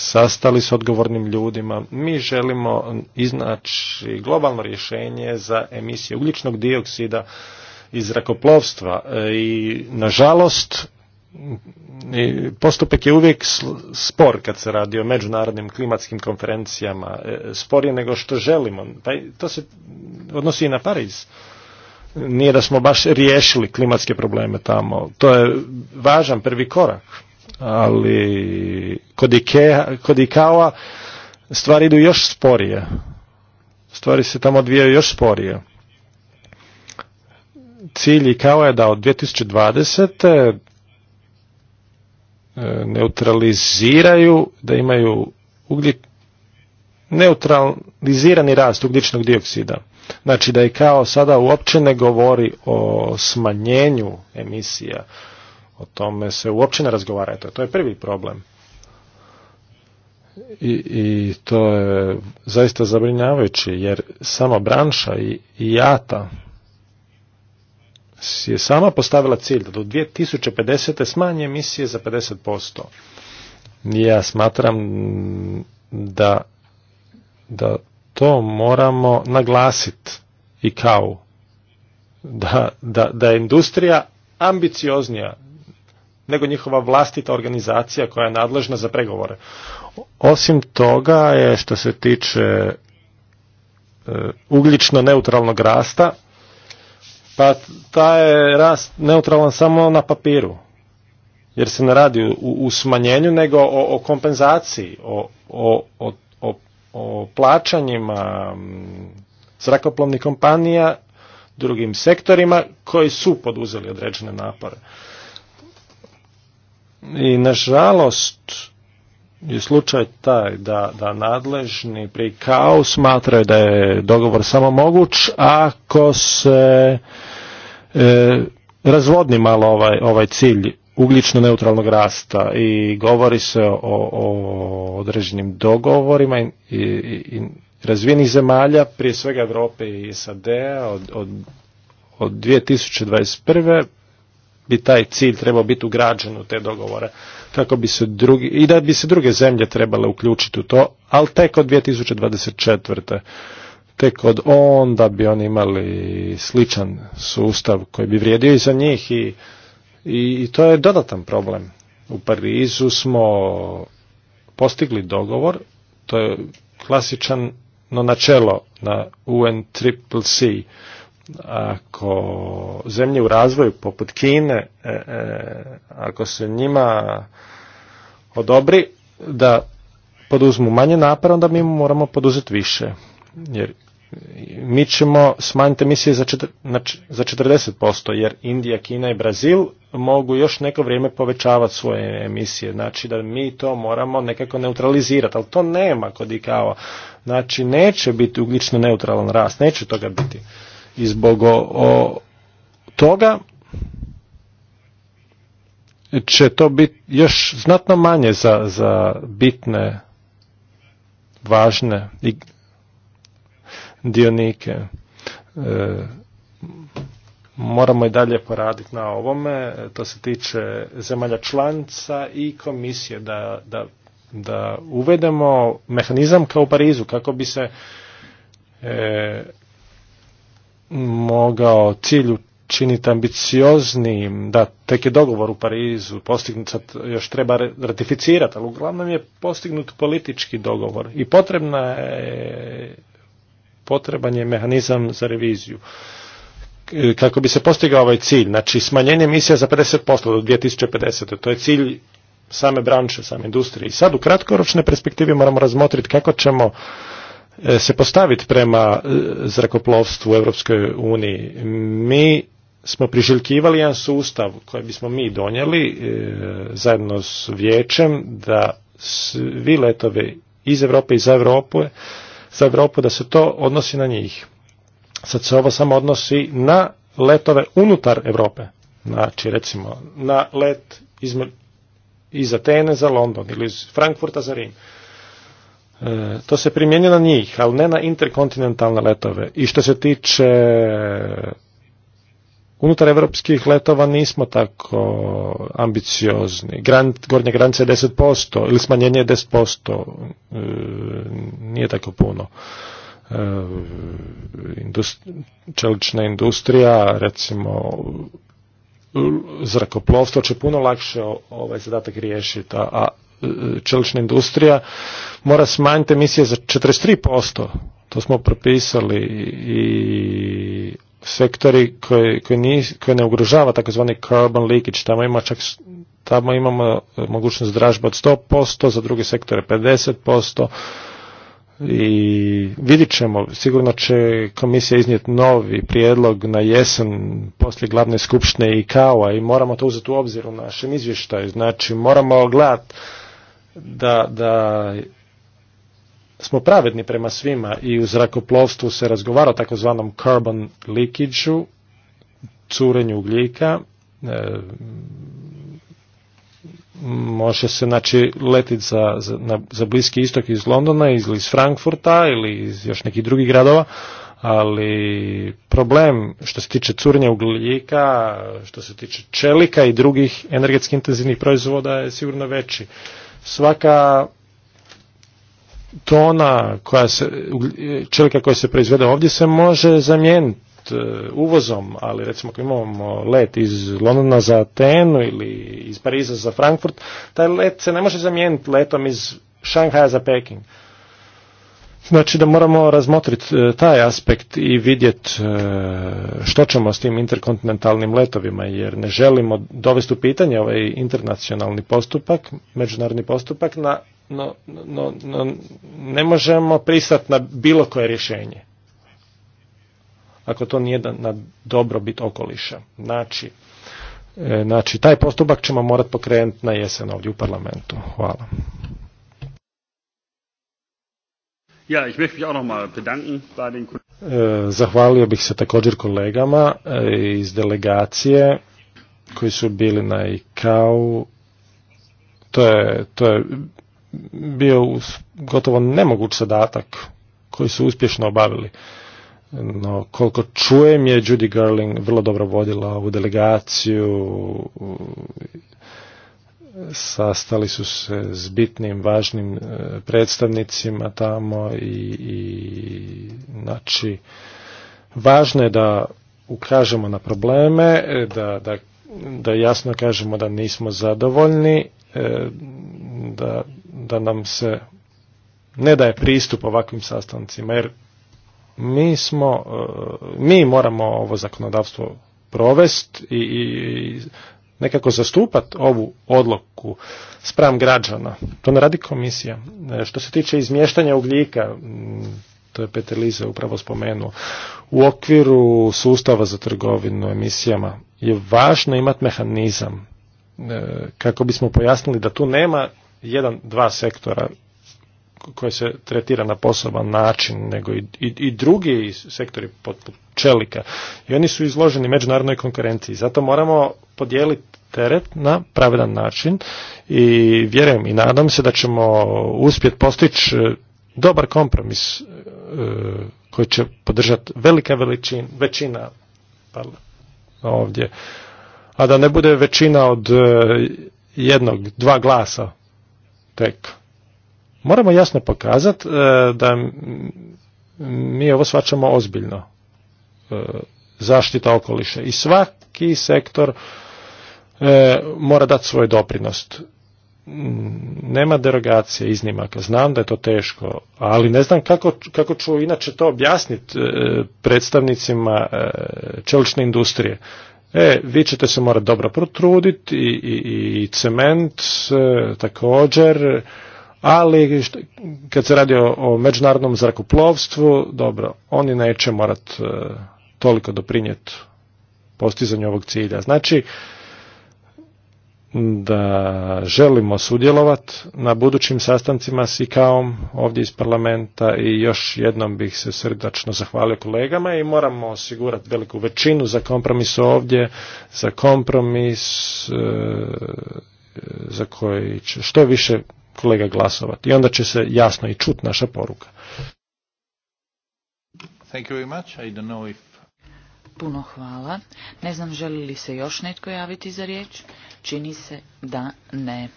sastali s odgovornim ljudima. Mi želimo iznaći globalno rješenje za emisije ugljičnog dioksida iz zrakoplovstva e, i nažalost postupak je uvijek spor kad se radi o međunarodnim klimatskim konferencijama. E, spor je nego što želimo. Pa to se odnosi i na Pariz. Nije da smo baš riješili klimatske probleme tamo. To je važan prvi korak ali kod, Ikea, kod Ikea stvari idu još sporije. Stvari se tamo odvijaju još sporije. Cilj kao je da od 2020. neutraliziraju, da imaju ugljik, neutralizirani rast ugljičnog dioksida. Znači da je kao sada uopće ne govori o smanjenju emisija o tome se uopće ne razgovara. to je prvi problem. I, I to je zaista zabrinjavajući, jer sama branša i, i jata je sama postavila cilj da do 2050. smanje emisije za 50%. Ja smatram da, da to moramo naglasiti i kao da, da, da je industrija ambicioznija nego njihova vlastita organizacija koja je nadležna za pregovore. Osim toga je što se tiče e, ugljično neutralnog rasta, pa taj je rast neutralan samo na papiru. Jer se ne radi u, smanjenju, nego o, kompenzaciji, o, o, o plaćanjima zrakoplovnih kompanija drugim sektorima koji su poduzeli određene napore. I nažalost je slučaj taj da, da nadležni pri kao smatraju da je dogovor samo moguć ako se e, razvodni malo ovaj, ovaj cilj ugljično neutralnog rasta i govori se o, o određenim dogovorima i, i, i razvijenih zemalja, prije svega Europe i SAD-a od, od, od 2021 bi taj cilj trebao biti ugrađen u te dogovore kako bi se drugi, i da bi se druge zemlje trebale uključiti u to, ali tek od 2024. Tek od onda bi oni imali sličan sustav koji bi vrijedio i za njih i, i, to je dodatan problem. U Parizu smo postigli dogovor, to je klasičan no načelo na UNCCC ako zemlje u razvoju poput Kine, e, e, ako se njima odobri da poduzmu manje napora, onda mi moramo poduzeti više. Jer mi ćemo smanjiti emisije za, četr, za 40%, jer Indija, Kina i Brazil mogu još neko vrijeme povećavati svoje emisije. Znači da mi to moramo nekako neutralizirati, ali to nema kod kao Znači neće biti ugljično neutralan rast, neće toga biti i zbog o, toga će to biti još znatno manje za, za bitne, važne i dionike. E, moramo i dalje poraditi na ovome, e, to se tiče zemalja članca i komisije da, da, da uvedemo mehanizam kao u Parizu kako bi se e, mogao cilj učiniti ambicioznijim, da tek je dogovor u Parizu postignut, još treba ratificirati, ali uglavnom je postignut politički dogovor i potrebna je, potreban je mehanizam za reviziju kako bi se postigao ovaj cilj, znači smanjenje emisija za 50% do 2050. To je cilj same branše, same industrije. I sad u kratkoročne perspektivi moramo razmotriti kako ćemo E, se postaviti prema e, zrakoplovstvu Europskoj uniji. Mi smo priželjkivali jedan sustav koji bismo mi donijeli e, zajedno s vijećem da svi letovi iz Europe i za Europu, za Europu da se to odnosi na njih. Sad se ovo samo odnosi na letove unutar Europe. Znači, recimo, na let iz, iz Atene za London ili iz Frankfurta za Rim. E, to se primjenjuje na njih, ali ne na interkontinentalne letove. I što se tiče unutar evropskih letova nismo tako ambiciozni. Grant, gornja granica je 10% ili smanjenje je 10%. E, nije tako puno. E, čelična industrija, recimo zrakoplovstvo će puno lakše ovaj zadatak riješiti, a čelična industrija mora smanjiti emisije za 43%. To smo propisali i sektori koji, koji, nis, koji ne ugrožava takozvani carbon leakage. Tamo, ima čak, tamo imamo e, mogućnost dražba od 100%, za druge sektore 50%. I vidit ćemo, sigurno će komisija iznijeti novi prijedlog na jesen poslije glavne skupštine i kao i moramo to uzeti u obzir u našem izvještaju. Znači moramo gledati da, da smo pravedni prema svima i u zrakoplovstvu se razgovara o takozvanom carbon leakage curenju ugljika, e, može se znači letiti za, za Bliski istok iz Londona ili iz Frankfurta ili iz još nekih drugih gradova, ali problem što se tiče curenja ugljika, što se tiče čelika i drugih energetski intenzivnih proizvoda je sigurno veći svaka tona koja se, čelika koja se proizvede ovdje se može zamijeniti e, uvozom, ali recimo ako imamo let iz Londona za Atenu ili iz Pariza za Frankfurt, taj let se ne može zamijeniti letom iz Šanghaja za Peking. Znači da moramo razmotriti e, taj aspekt i vidjeti e, što ćemo s tim interkontinentalnim letovima, jer ne želimo dovesti u pitanje ovaj internacionalni postupak, međunarodni postupak, na, no, no, ne možemo pristati na bilo koje rješenje. Ako to nije na dobrobit okoliša. Znači, e, znači taj postupak ćemo morati pokrenuti na jesen ovdje u parlamentu. Hvala. Ja, e, Zahvalio bih se također kolegama e, iz delegacije koji su bili na ICAO. To je, to je bio gotovo nemoguć zadatak koji su uspješno obavili. No, koliko čujem je Judy Garling vrlo dobro vodila ovu delegaciju sastali su se s bitnim, važnim e, predstavnicima tamo i, i znači važno je da ukažemo na probleme, e, da, da, da jasno kažemo da nismo zadovoljni, e, da, da nam se ne daje pristup ovakvim sastancima, jer mi smo, mi moramo ovo zakonodavstvo provest i, i, nekako zastupati ovu odluku spram građana. To ne radi komisija. E, što se tiče izmještanja ugljika, to je Peter Lize upravo spomenuo, u okviru sustava za trgovinu emisijama je važno imati mehanizam e, kako bismo pojasnili da tu nema jedan, dva sektora koje se tretira na poseban način, nego i, i, drugi sektori čelika. I oni su izloženi međunarodnoj konkurenciji. Zato moramo podijeliti teret na pravedan način i vjerujem i nadam se da ćemo uspjeti postići e, dobar kompromis e, koji će podržati velika veličina, većina ovdje, a da ne bude većina od e, jednog, dva glasa tek. Moramo jasno pokazati e, da mi ovo svačamo ozbiljno. E, zaštita okoliša i svaki sektor e, mora dati svoj doprinost. Mm, nema derogacije, iznimaka. Znam da je to teško, ali ne znam kako, kako ću inače to objasniti predstavnicima čelične industrije. E, vi ćete se morati dobro protruditi i, i, i cement također ali kad se radi o, o međunarodnom zrakoplovstvu, dobro, oni neće morat e, toliko doprinijeti postizanju ovog cilja. Znači, da želimo sudjelovat na budućim sastancima s ICAO-om ovdje iz parlamenta i još jednom bih se srdačno zahvalio kolegama i moramo osigurati veliku većinu za kompromis ovdje, za kompromis e, za koji će što više kolega glasovati. I onda će se jasno i čut naša poruka. Thank you very much. I don't know if... Puno hvala. Ne znam želi li se još netko javiti za riječ. Čini se da ne.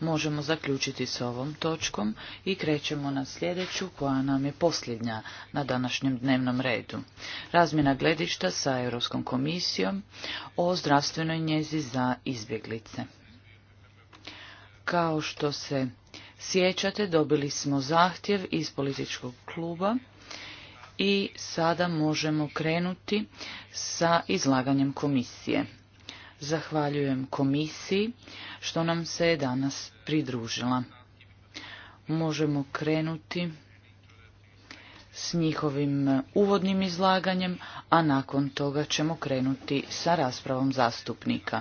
Možemo zaključiti s ovom točkom i krećemo na sljedeću koja nam je posljednja na današnjem dnevnom redu. Razmjena gledišta sa Europskom komisijom o zdravstvenoj njezi za izbjeglice. Kao što se sjećate, dobili smo zahtjev iz političkog kluba i sada možemo krenuti sa izlaganjem komisije. Zahvaljujem komisiji što nam se je danas pridružila. Možemo krenuti s njihovim uvodnim izlaganjem, a nakon toga ćemo krenuti sa raspravom zastupnika.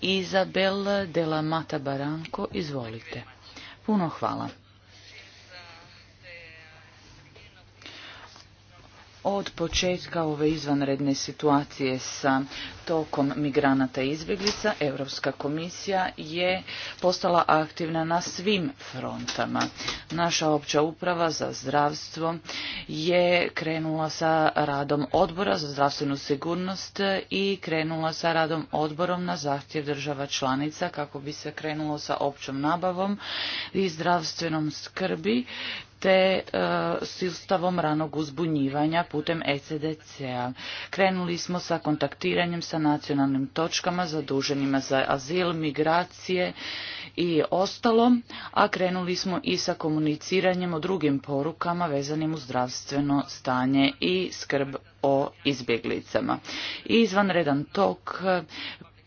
Izabel de la Mata Baranko, izvolite. Puno hvala. od početka ove izvanredne situacije sa tokom migranata i izbjeglica, Europska komisija je postala aktivna na svim frontama. Naša opća uprava za zdravstvo je krenula sa radom odbora za zdravstvenu sigurnost i krenula sa radom odborom na zahtjev država članica kako bi se krenulo sa općom nabavom i zdravstvenom skrbi te e, sustavom ranog uzbunjivanja putem ECDC-a. Krenuli smo sa kontaktiranjem sa nacionalnim točkama zaduženima za azil, migracije i ostalo, a krenuli smo i sa komuniciranjem o drugim porukama vezanim uz zdravstveno stanje i skrb o izbjeglicama. izvanredan tok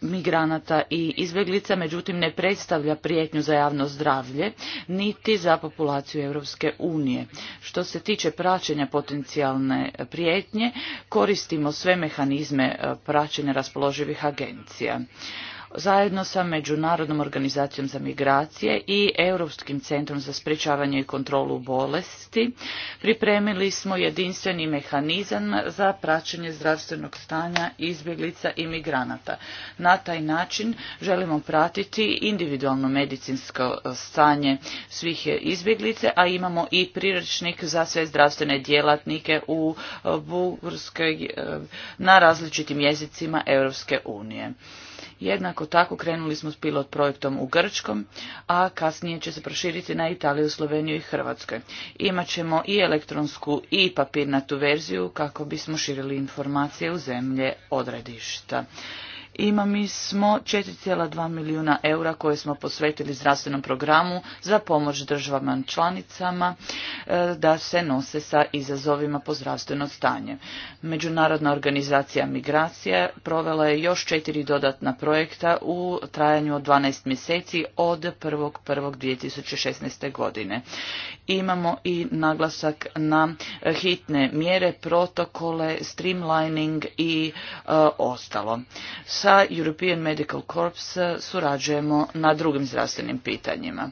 migranata i izbjeglica, međutim ne predstavlja prijetnju za javno zdravlje, niti za populaciju Europske unije. Što se tiče praćenja potencijalne prijetnje, koristimo sve mehanizme eh, praćenja raspoloživih agencija zajedno sa Međunarodnom organizacijom za migracije i Europskim centrom za sprječavanje i kontrolu bolesti pripremili smo jedinstveni mehanizam za praćenje zdravstvenog stanja izbjeglica i migranata. Na taj način želimo pratiti individualno medicinsko stanje svih izbjeglice, a imamo i priručnik za sve zdravstvene djelatnike u Bugarskoj eh, na različitim jezicima Europske unije. Jednako tako krenuli smo s pilot projektom u Grčkom, a kasnije će se proširiti na Italiju, Sloveniju i Hrvatskoj. Imaćemo i elektronsku i papirnatu verziju kako bismo širili informacije u zemlje odredišta ima mi smo 4,2 milijuna eura koje smo posvetili zdravstvenom programu za pomoć državama članicama e, da se nose sa izazovima po zdravstveno stanje. Međunarodna organizacija migracija provela je još četiri dodatna projekta u trajanju od 12 mjeseci od 1.1.2016. godine imamo i naglasak na hitne mjere, protokole, streamlining i e, ostalo. Sa European Medical Corps e, surađujemo na drugim zdravstvenim pitanjima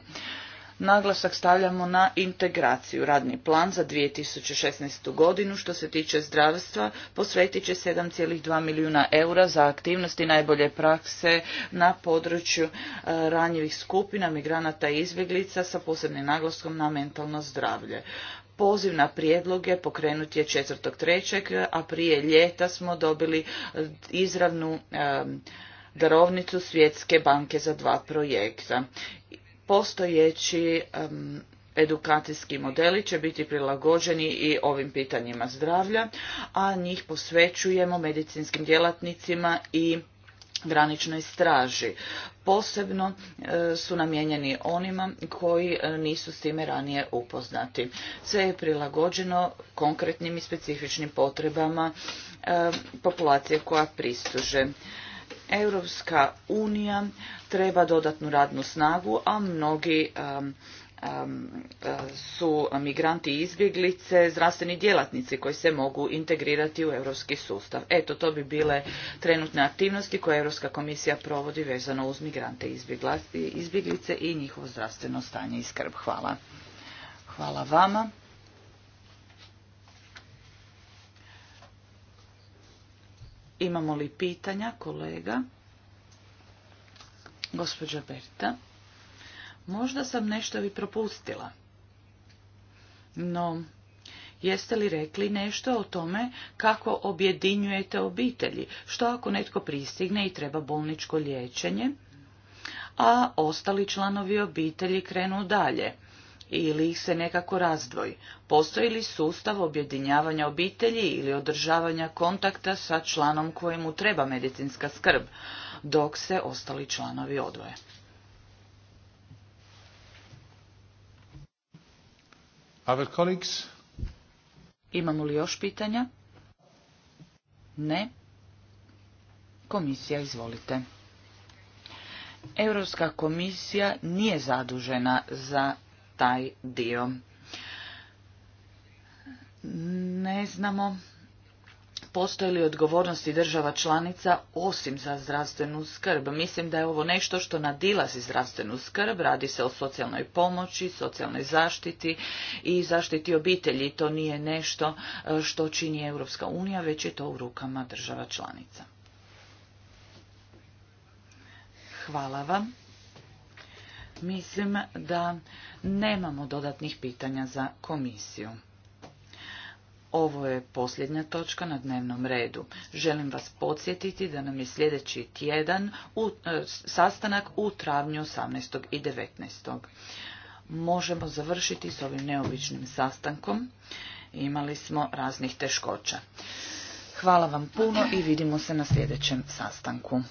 naglasak stavljamo na integraciju. Radni plan za 2016. godinu što se tiče zdravstva posvetit će 7,2 milijuna eura za aktivnosti najbolje prakse na području e, ranjivih skupina, migranata i izbjeglica sa posebnim naglaskom na mentalno zdravlje. Poziv na prijedloge pokrenut je 4.3. a prije ljeta smo dobili e, izravnu e, darovnicu Svjetske banke za dva projekta postojeći edukacijski modeli će biti prilagođeni i ovim pitanjima zdravlja, a njih posvećujemo medicinskim djelatnicima i graničnoj straži. Posebno e, su namijenjeni onima koji e, nisu s time ranije upoznati. Sve je prilagođeno konkretnim i specifičnim potrebama e, populacije koja pristuže. Europska unija treba dodatnu radnu snagu, a mnogi um, um, su migranti i izbjeglice, zdravstveni djelatnici koji se mogu integrirati u europski sustav. Eto, to bi bile trenutne aktivnosti koje Europska komisija provodi vezano uz migrante i izbjeglice i njihovo zdravstveno stanje i skrb. Hvala. Hvala vama. Imamo li pitanja, kolega? Gospođa Berta. Možda sam nešto vi propustila. No, jeste li rekli nešto o tome kako objedinjujete obitelji? Što ako netko pristigne i treba bolničko liječenje? A ostali članovi obitelji krenu dalje ili ih se nekako razdvoji? Postoji li sustav objedinjavanja obitelji ili održavanja kontakta sa članom kojemu treba medicinska skrb, dok se ostali članovi odvoje? Imamo li još pitanja? Ne. Komisija, izvolite. Europska komisija nije zadužena za taj dio. Ne znamo postoje li odgovornosti država članica osim za zdravstvenu skrb. Mislim da je ovo nešto što nadilazi zdravstvenu skrb, radi se o socijalnoj pomoći, socijalnoj zaštiti i zaštiti obitelji. To nije nešto e, što čini Europska unija, već je to u rukama država članica. Hvala vam. Mislim da nemamo dodatnih pitanja za komisiju. Ovo je posljednja točka na dnevnom redu. Želim vas podsjetiti da nam je sljedeći tjedan u, e, sastanak u travnju 18. i 19. Možemo završiti s ovim neobičnim sastankom. Imali smo raznih teškoća. Hvala vam puno i vidimo se na sljedećem sastanku.